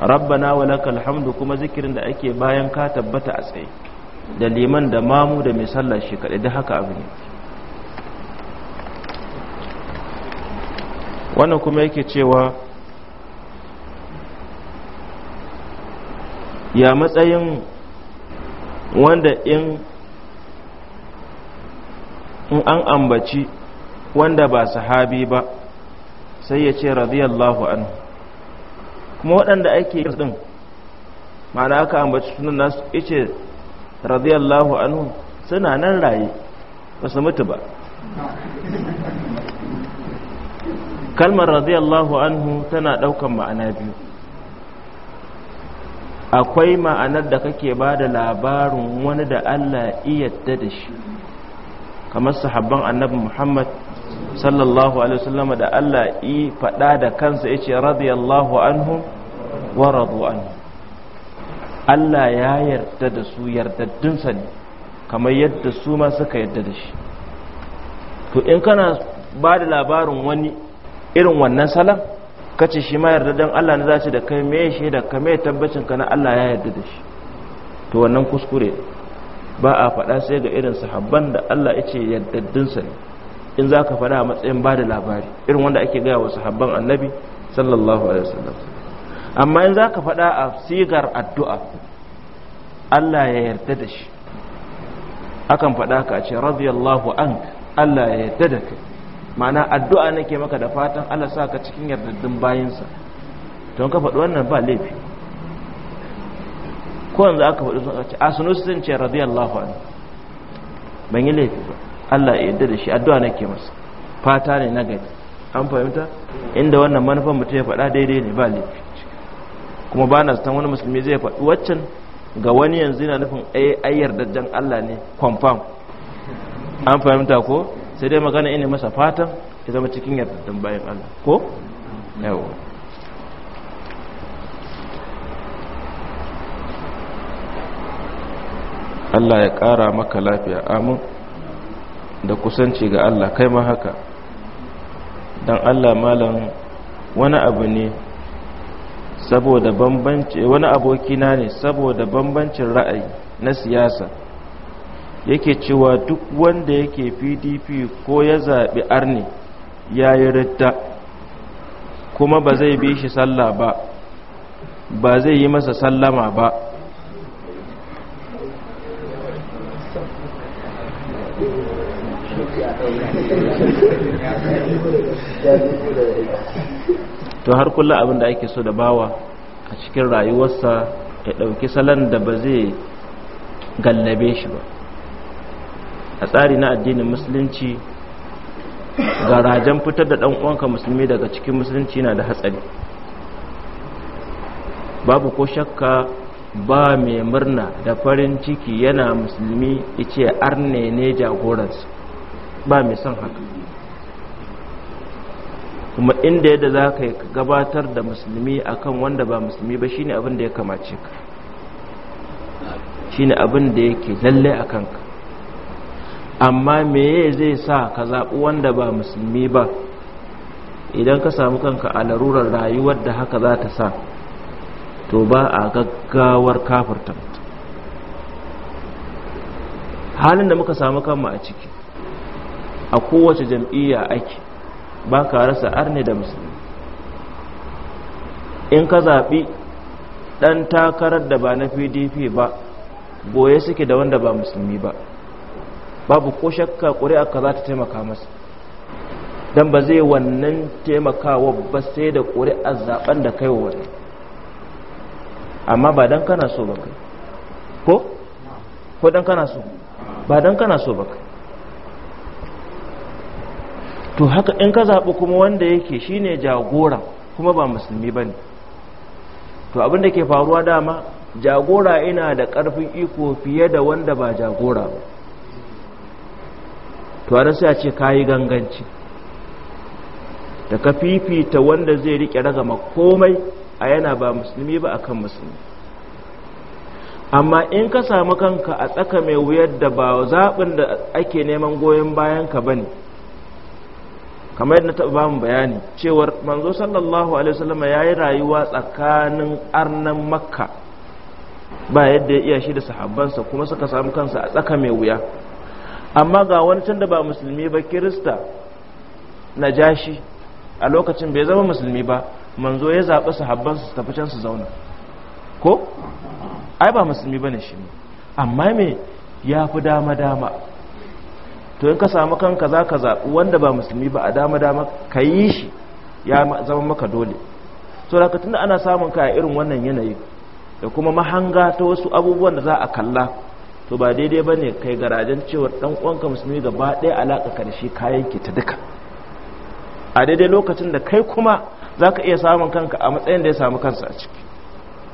rabbana wa lakal hamdu kuma zikirin da ake bayan ka tabbata a tsaye da liman da mamu da mai sallah shi kaɗai da haka abu ne wannan kuma yake cewa ya matsayin wanda in in an ambaci wanda ba sahabi ba sai ya ce radiyallahu anhu kuma waɗanda ake yi din ma'ana aka ambaci sunan nasu ice radiyallahu anhu suna nan raye ba su mutu ba kalmar radiyallahu anhu tana ɗaukan ma'ana biyu akwai ma'anar da kake ba da labarin wani da Allah iyadda da shi kamar sahabban annabi Muhammad sallallahu alaihi wasallama da Allah i faɗa da kansa yace radiyallahu anhu wa radu anhu Allah ya yarda da su yardaddunsa ne kamar yadda su ma suka yarda da shi to in kana ba da labarin wani irin wannan salon kace shi ma yarda dan Allah ne za ce da kai me shi da ka me tabbacin ka na Allah ya yarda da shi to wannan kuskure ba a faɗa sai ga irin sahabban da Allah ya ce yardaddinsa ne in za ka faɗa a matsayin ba da labari irin wanda ake gaya wa sahabban annabi sallallahu alaihi wasallam amma in za ka faɗa a sigar addu'a Allah ya yarda da shi akan faɗa ka ce radiyallahu an Allah ya yarda da kai ma'ana addu'a nake maka da fatan Allah sa ka cikin yardaddin bayinsa to ka faɗi wannan ba laifi ko yanzu aka faɗi sun ce asunus sun ce radiyallahu anhu ban yi laifi ba Allah ya yarda da shi addu'a nake masa fata ne na gari an fahimta inda wannan manufan mutum ya faɗa daidai ne ba laifi kuma ba na zaton wani musulmi zai faɗi waccan ga wani yanzu yana nufin eh, ai yardajjen Allah ne kwamfam an fahimta ko sai dai magana ina masa fatan ya zama cikin yardan bayan Allah ko yawa Allah ya ƙara maka lafiya amin da kusanci ga Allah kai ma haka don Allah malam wani abu ne saboda bambanci wani abokina ne saboda bambancin ra'ayi na siyasa yake cewa duk wanda yake pdp ko ya zaɓi arni ya yi ridda kuma ba zai bi shi sallah ba ba zai yi masa sallama ba to har kulla abin da ake so da bawa a cikin rayuwarsa ya ɗauki salon da ba zai gallabe shi ba a tsari na addinin musulunci garajen fitar da ɗan'uwanka musulmi daga cikin musulunci na da hatsari babu ko shakka ba mai murna da farin ciki yana musulmi ice arne ne jagoransu, ba mai son haka kuma inda yadda za ka gabatar da musulmi akan wanda ba musulmi ba shine abin da ya kamace ka shine abin da yake lalle a kanka amma meye zai sa ka zaɓi wanda ba musulmi ba idan ka samu kanka a larurar rayuwar da haka za ta sa to ba a gaggawar kafirta halin da muka samu kanmu a ciki a kowace jam'iyya ake ba ka rasa arne da musulmi in ka zaɓi ɗan takarar da ba na pdp ba goye suke da wanda ba musulmi ba babu ko shakka ƙuri'a ka za ta taimaka masa don ba zai wannan taimakawa ba sai da ƙuri'a zaben da kai wa wani amma ba don kana so ba kai ko? ko don kana so ba don kana so ba kai to haka in ka zaɓi kuma wanda yake shine jagora kuma ba musulmi ba ne to abin da ke faruwa dama jagora ina da ƙarfin iko fiye da wanda ba jagora ba to a sai a ce kayi ganganci da ka fifita wanda zai rike ragama komai a yana ba musulmi ba akan musulmi amma in ka samu kanka a tsaka mai wuyar da ba zaɓin da ake neman goyon bayanka ba ne kamar yadda taɓa bamu bayani cewar manzo sallallahu alaihi wasallam ya yi rayuwa tsakanin arnan makka ba yadda ya iya shi da sahabbansa kuma suka samu kansa a tsaka mai wuya amma ga wani can da ba musulmi ba kirista na jashi a lokacin bai zama musulmi ba manzo ya zaɓi habban su tafi can su zauna ko ai ba musulmi ba ne shi ne amma me ya fi dama dama to in ka samu kanka za ka zaɓi wanda ba musulmi ba a dama dama ka yi shi ya zama maka dole so da tunda ana samun ka a irin wannan yanayi da kuma mahanga ta wasu abubuwan da za a kalla to ba daidai ba ne kai garajen cewar ɗan uwanka musulmi gaba ɗaya alaƙa karshe kayan ke ta duka a daidai lokacin da kai kuma za ka iya samun kanka a matsayin da ya samu kansa a ciki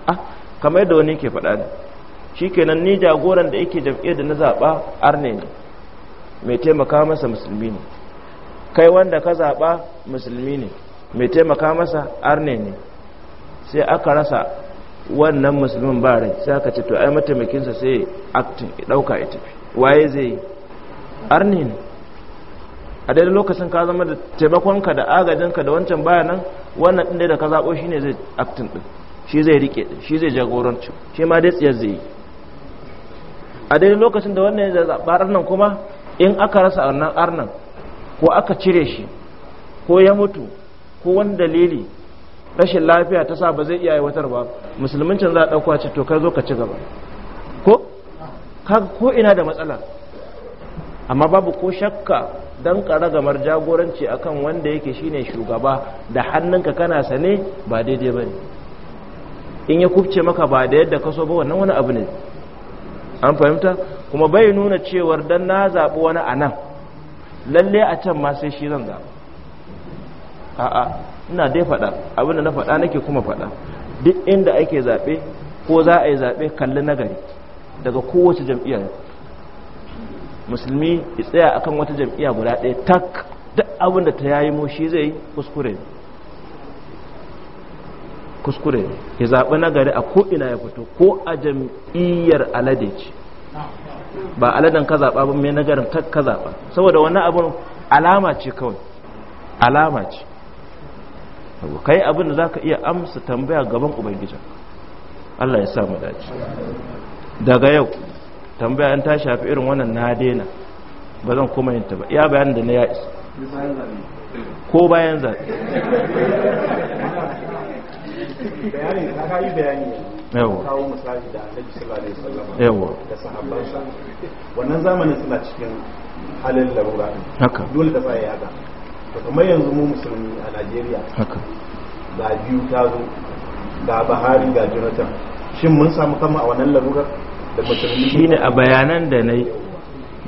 ah kamar yadda wani ke faɗa ne shi kenan ni jagoran da yake jam'iyyar da na zaɓa arne ne mai taimaka masa musulmi ne kai wanda ka zaɓa musulmi ne mai taimaka masa arne ne sai aka rasa wannan musulmin ba rai sai aka ce to ai mataimakinsa sai actin ya dauka ya tafi waye zai yi arni ne a daidai lokacin ka zama da taimakonka da agajinka da wancan bayanan wannan ɗin da ka zaɓo shi ne zai actin ɗin shi zai rike ɗin shi zai jagoranci shi ma dai tsiyar zai yi a daidai lokacin da wannan ya zaɓa arnan kuma in aka rasa wannan arnan ko aka cire shi ko ya mutu ko wani dalili rashin lafiya ta sa ba zai iya aiwatar ba musulmancin za a ɗauka ce to ka zo ka ci gaba ko kaga ko ina da matsala amma babu ko shakka don gamar jagoranci akan wanda yake shine shugaba da hannunka kana sane ba daidai ba ne in ya kubce maka ba da yadda kaso ba wannan wani abu ne an fahimta kuma bai nuna cewar don na zaɓi wani a nan lalle a can ma sai shi zan zaɓi a'a ina dai faɗa abinda na faɗa nake kuma faɗa duk inda ake zaɓe ko za a yi zaɓe kalli nagari daga kowace jam'iyya musulmi ya tsaya akan wata jam'iyya guda ɗaya tak duk abin ta yayi mo shi zai kuskure kuskure ya zaɓi nagari a ko'ina ya fito ko a jam'iyyar alade ce ba aladen ka zaɓa ba mai nagarin ka zaɓa saboda wani abin alama ce kawai alama ce kai abin da zaka iya amsa tambaya gaban ubangiji Allah ya sa mu dace daga yau tambaya an ta shafi irin wannan na daina ba zan kuma yin ta ba iya bayanin da na ya isa ko bayan zaɓe bayanin ta kayi bayani yawa kawo misali da annabi sallallahu alaihi wasallam yawa da sahabbansa wannan zamanin suna cikin halin larura haka dole da sai ya ga to kamar yanzu mu musulmi a najeriya haka ga biyu ta zo ga bahari ga jonathan shin mun samu kama a wannan larura da musulmi shine a bayanan da na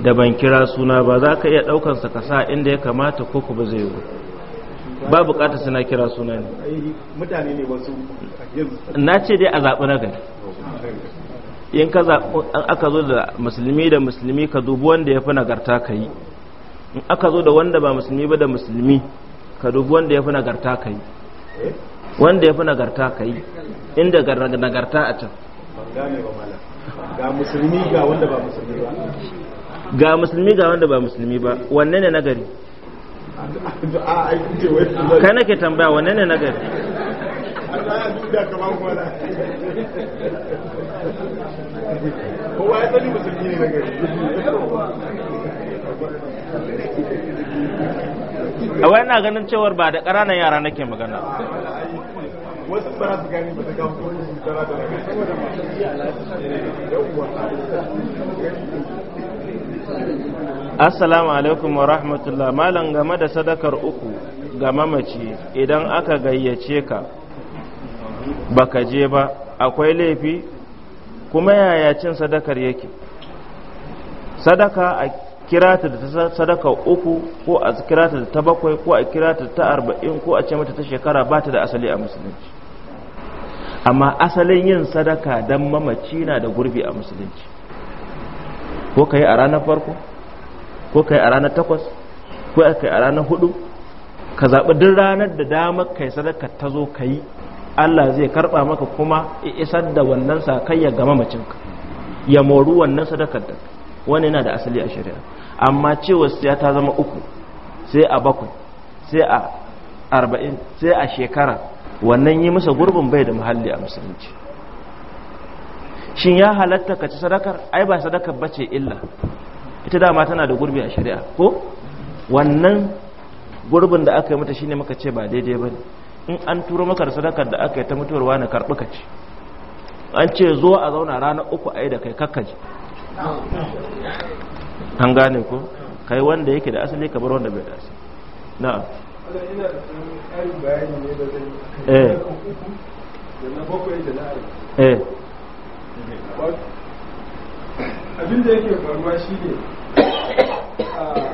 da ban kira suna ba za ka iya ɗaukansa sa kasa inda ya kamata ko ku ba zai yi ba bukatar suna kira suna ne mutane ne wasu na ce dai a zaɓi na gari in ka zaɓi aka zo da musulmi da musulmi ka dubu wanda ya fi nagarta ka yi in aka zo da wanda ba musulmi ba da musulmi ka dubi wanda ya fi nagarta ka yi wanda ya fi nagarta ka yi inda nagarta a can ga musulmi ga wanda ba musulmi ba ga musulmi ga wanda ba musulmi ba wanne ne nagari ka nake tambaya wanne ne nagari kowa ya sani musulmi ne nagari a wani na ganin cewar ba da ƙananan yara nake magana Assalamu alaikum wa rahmatullah malam game da sadakar uku ga mamaci idan aka gayyace ka baka je ba akwai laifi kuma yaya cin sadakar yake sadaka kirata da sadaka uku ko a kirata da ta bakwai ko a kirata ta arba'in ko a ce mata ta shekara ba ta da asali a musulunci amma asalin yin sadaka don mamaci na da gurbi a musulunci ko ka yi a ranar farko ko ka yi a ranar takwas ko ka yi a ranar hudu ka zaɓi duk ranar da damar kai sadaka ta zo ka yi allah zai karɓa maka kuma isar da wannan sakayya ga mamacinka ya moru wannan sadakar da wani yana da asali a shari'a amma cewa siya ta zama uku sai a bakwai sai a arba'in sai a shekara wannan yi masa gurbin bai da muhalli a musulunci shin ya halatta ka ci sadakar ai ba sadakar bace illa ita dama tana da gurbi a shari'a ko wannan gurbin da aka yi mata shine muka ce ba daidai bane in an turo maka sadakar da aka yi ta mutuwar wani karɓi ka ce an ce zo a zauna rana uku a yi da kai kakkaji an gane ko kai wanda yake da asali kamar wanda bai da asali na'am ina da ƙarin bayani ne da zai eh da na bakwai da na eh abin da yake faruwa shi ne a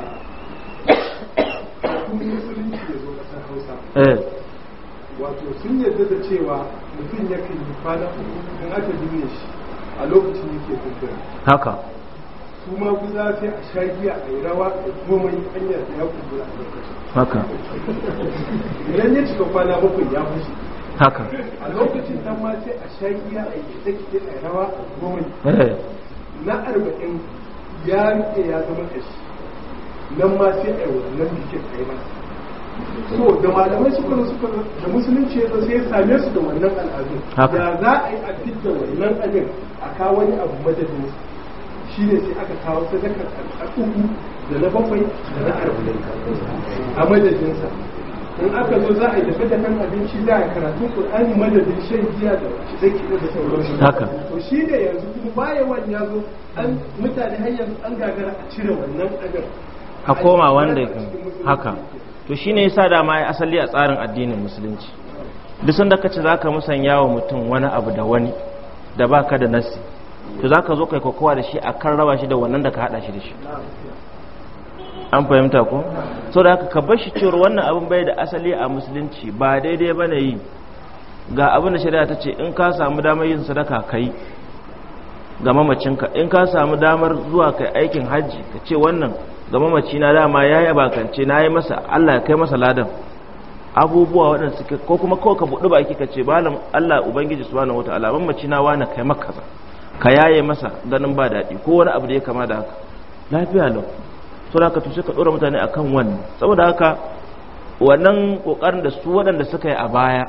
kuma musulunci da zo ƙasar hausa eh. wato sun yadda da cewa mutum ya kan yi kwana uku in aka binne shi a lokacin yake tafiya haka su ma guza sai a sha a yi rawa da kuma mai hanya da ya kumbura a lokacin haka idan ya cika kwana bakwai ya fushi haka a lokacin nan ma sai a sha a yi ta kiɗe a yi rawa a kuma mai eh. na arba'in ya rike ya zama kashi nan ma sai a yi wannan bikin a yi masa so da malamai suka zo suka da musulunci ya sai ya same su da wannan al'adu da za a yi a fitta wannan abin a kawo wani abu madadin shi ne sai aka kawo sadakar uku da na bakwai da na arba'in a madadin sa in aka zo za a yi dafa dafan abinci za a karatu qur'ani madadin shan giya da zai da sauransu haka to shi ne yanzu kuma baya wani ya zo an mutane har yanzu an gagara a cire wannan abin a koma wanda haka to shi ne sa dama ya asali a tsarin addinin musulunci duk sanda ka ce zaka musanya wa mutum wani abu da wani da ba ka da nassi to za ka zo kai kokowa da shi akan raba shi da wannan da ka hada shi da shi an fahimta ko so da haka ka bar shi cewa wannan abin bai da asali a musulunci ba daidai bane yi ga abin da shari'a ta ce in ka samu damar yin sadaka kai ga mamacinka in ka samu damar zuwa kai aikin hajji ka ce wannan ga mamaci na dama ya yi abakance na yi masa allah ya kai masa ladan abubuwa waɗanda suke ko kuma kawai ka buɗu baki ka ce malam allah ubangiji subhanahu wataala mace na wani kai maka ba ka yaye masa ganin ba daɗi ko wani abu da ya kama da haka lafiya lau da haka tushe ka ɗora mutane a kan wani saboda haka wannan ƙoƙarin da su waɗanda suka yi a baya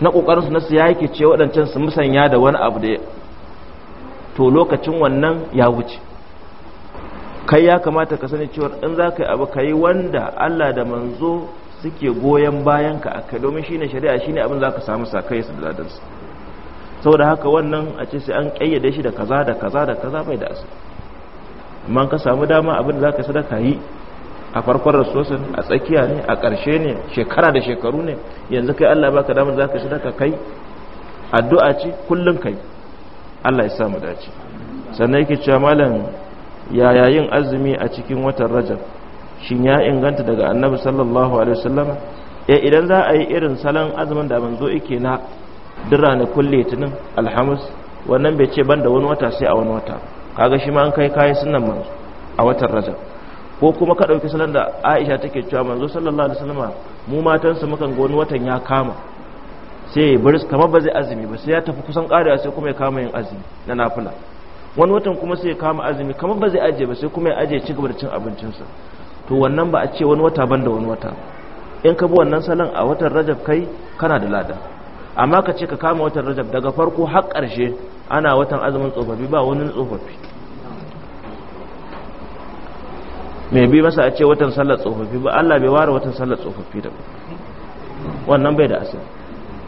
na ƙoƙarin su na su yake ce waɗancan su musanya da wani abu da ya to lokacin wannan ya wuce kai ya kamata ka sani cewa in za ka yi abu ka yi wanda Allah da manzo suke goyon bayan ka a kai domin shine shari'a shine abin za ka samu sakai su da ladansu saboda haka wannan a ce sai an ƙayyade shi da kaza da kaza da kaza bai da asu amma ka samu dama abin da za ka sadaka yi a farkon rasuwarsa a tsakiya ne a ƙarshe ne shekara da shekaru ne yanzu kai Allah baka damar za ka sadaka kai addu'a ce kullum kai Allah ya samu dace sannan yake cewa malam yaya yin azumi a cikin watan rajab shin ya inganta daga annabi sallallahu alaihi wasallam eh idan za a yi irin salon azumin da manzo yake na duk kulle tunin, alhamis wannan bai ce banda wani wata sai a wani wata kaga shi ma an kai kayan sunan manzo a watan rajab ko kuma ka ɗauki salon da aisha take cewa manzo sallallahu alaihi wasallam mu matansa mukan ga wani watan ya kama sai ya bar kamar ba zai azumi ba sai ya tafi kusan ƙarewa sai kuma ya kama yin azumi na nafila wani watan kuma sai ya kama azumi kamar ba zai ajiye ba sai kuma ya ajiye ci gaba da cin abincinsa to wannan ba a ce wani wata ban da wani wata in ka bi wannan salon a watan rajab kai kana da lada amma ka ce ka kama watan rajab daga farko har ƙarshe ana watan azumin tsofaffi ba wani tsofaffi mai bi masa a ce watan sallar tsofaffi ba allah bai ware watan sallar tsofaffi da wannan bai da asali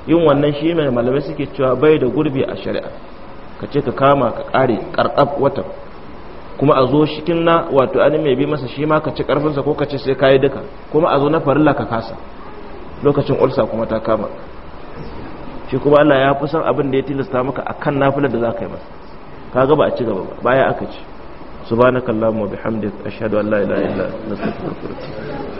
yin wannan shi mai malamai suke cewa bai da gurbi a shari'a ka ce ka kama ka kare karkab watan kuma a zo shikin na wato an mai bi masa shi ma ka ci karfinsa ko ka ce sai kayi duka kuma a zo na farilla ka kasa lokacin ulsa kuma ta kama shi kuma Allah ya fi san abin da ya tilasta maka a kan nafilar da za ka yi masa ka ba a ci gaba ba baya aka ci subhanakallahumma bihamdika ashhadu an la ilaha illa anta astaghfiruka wa atubu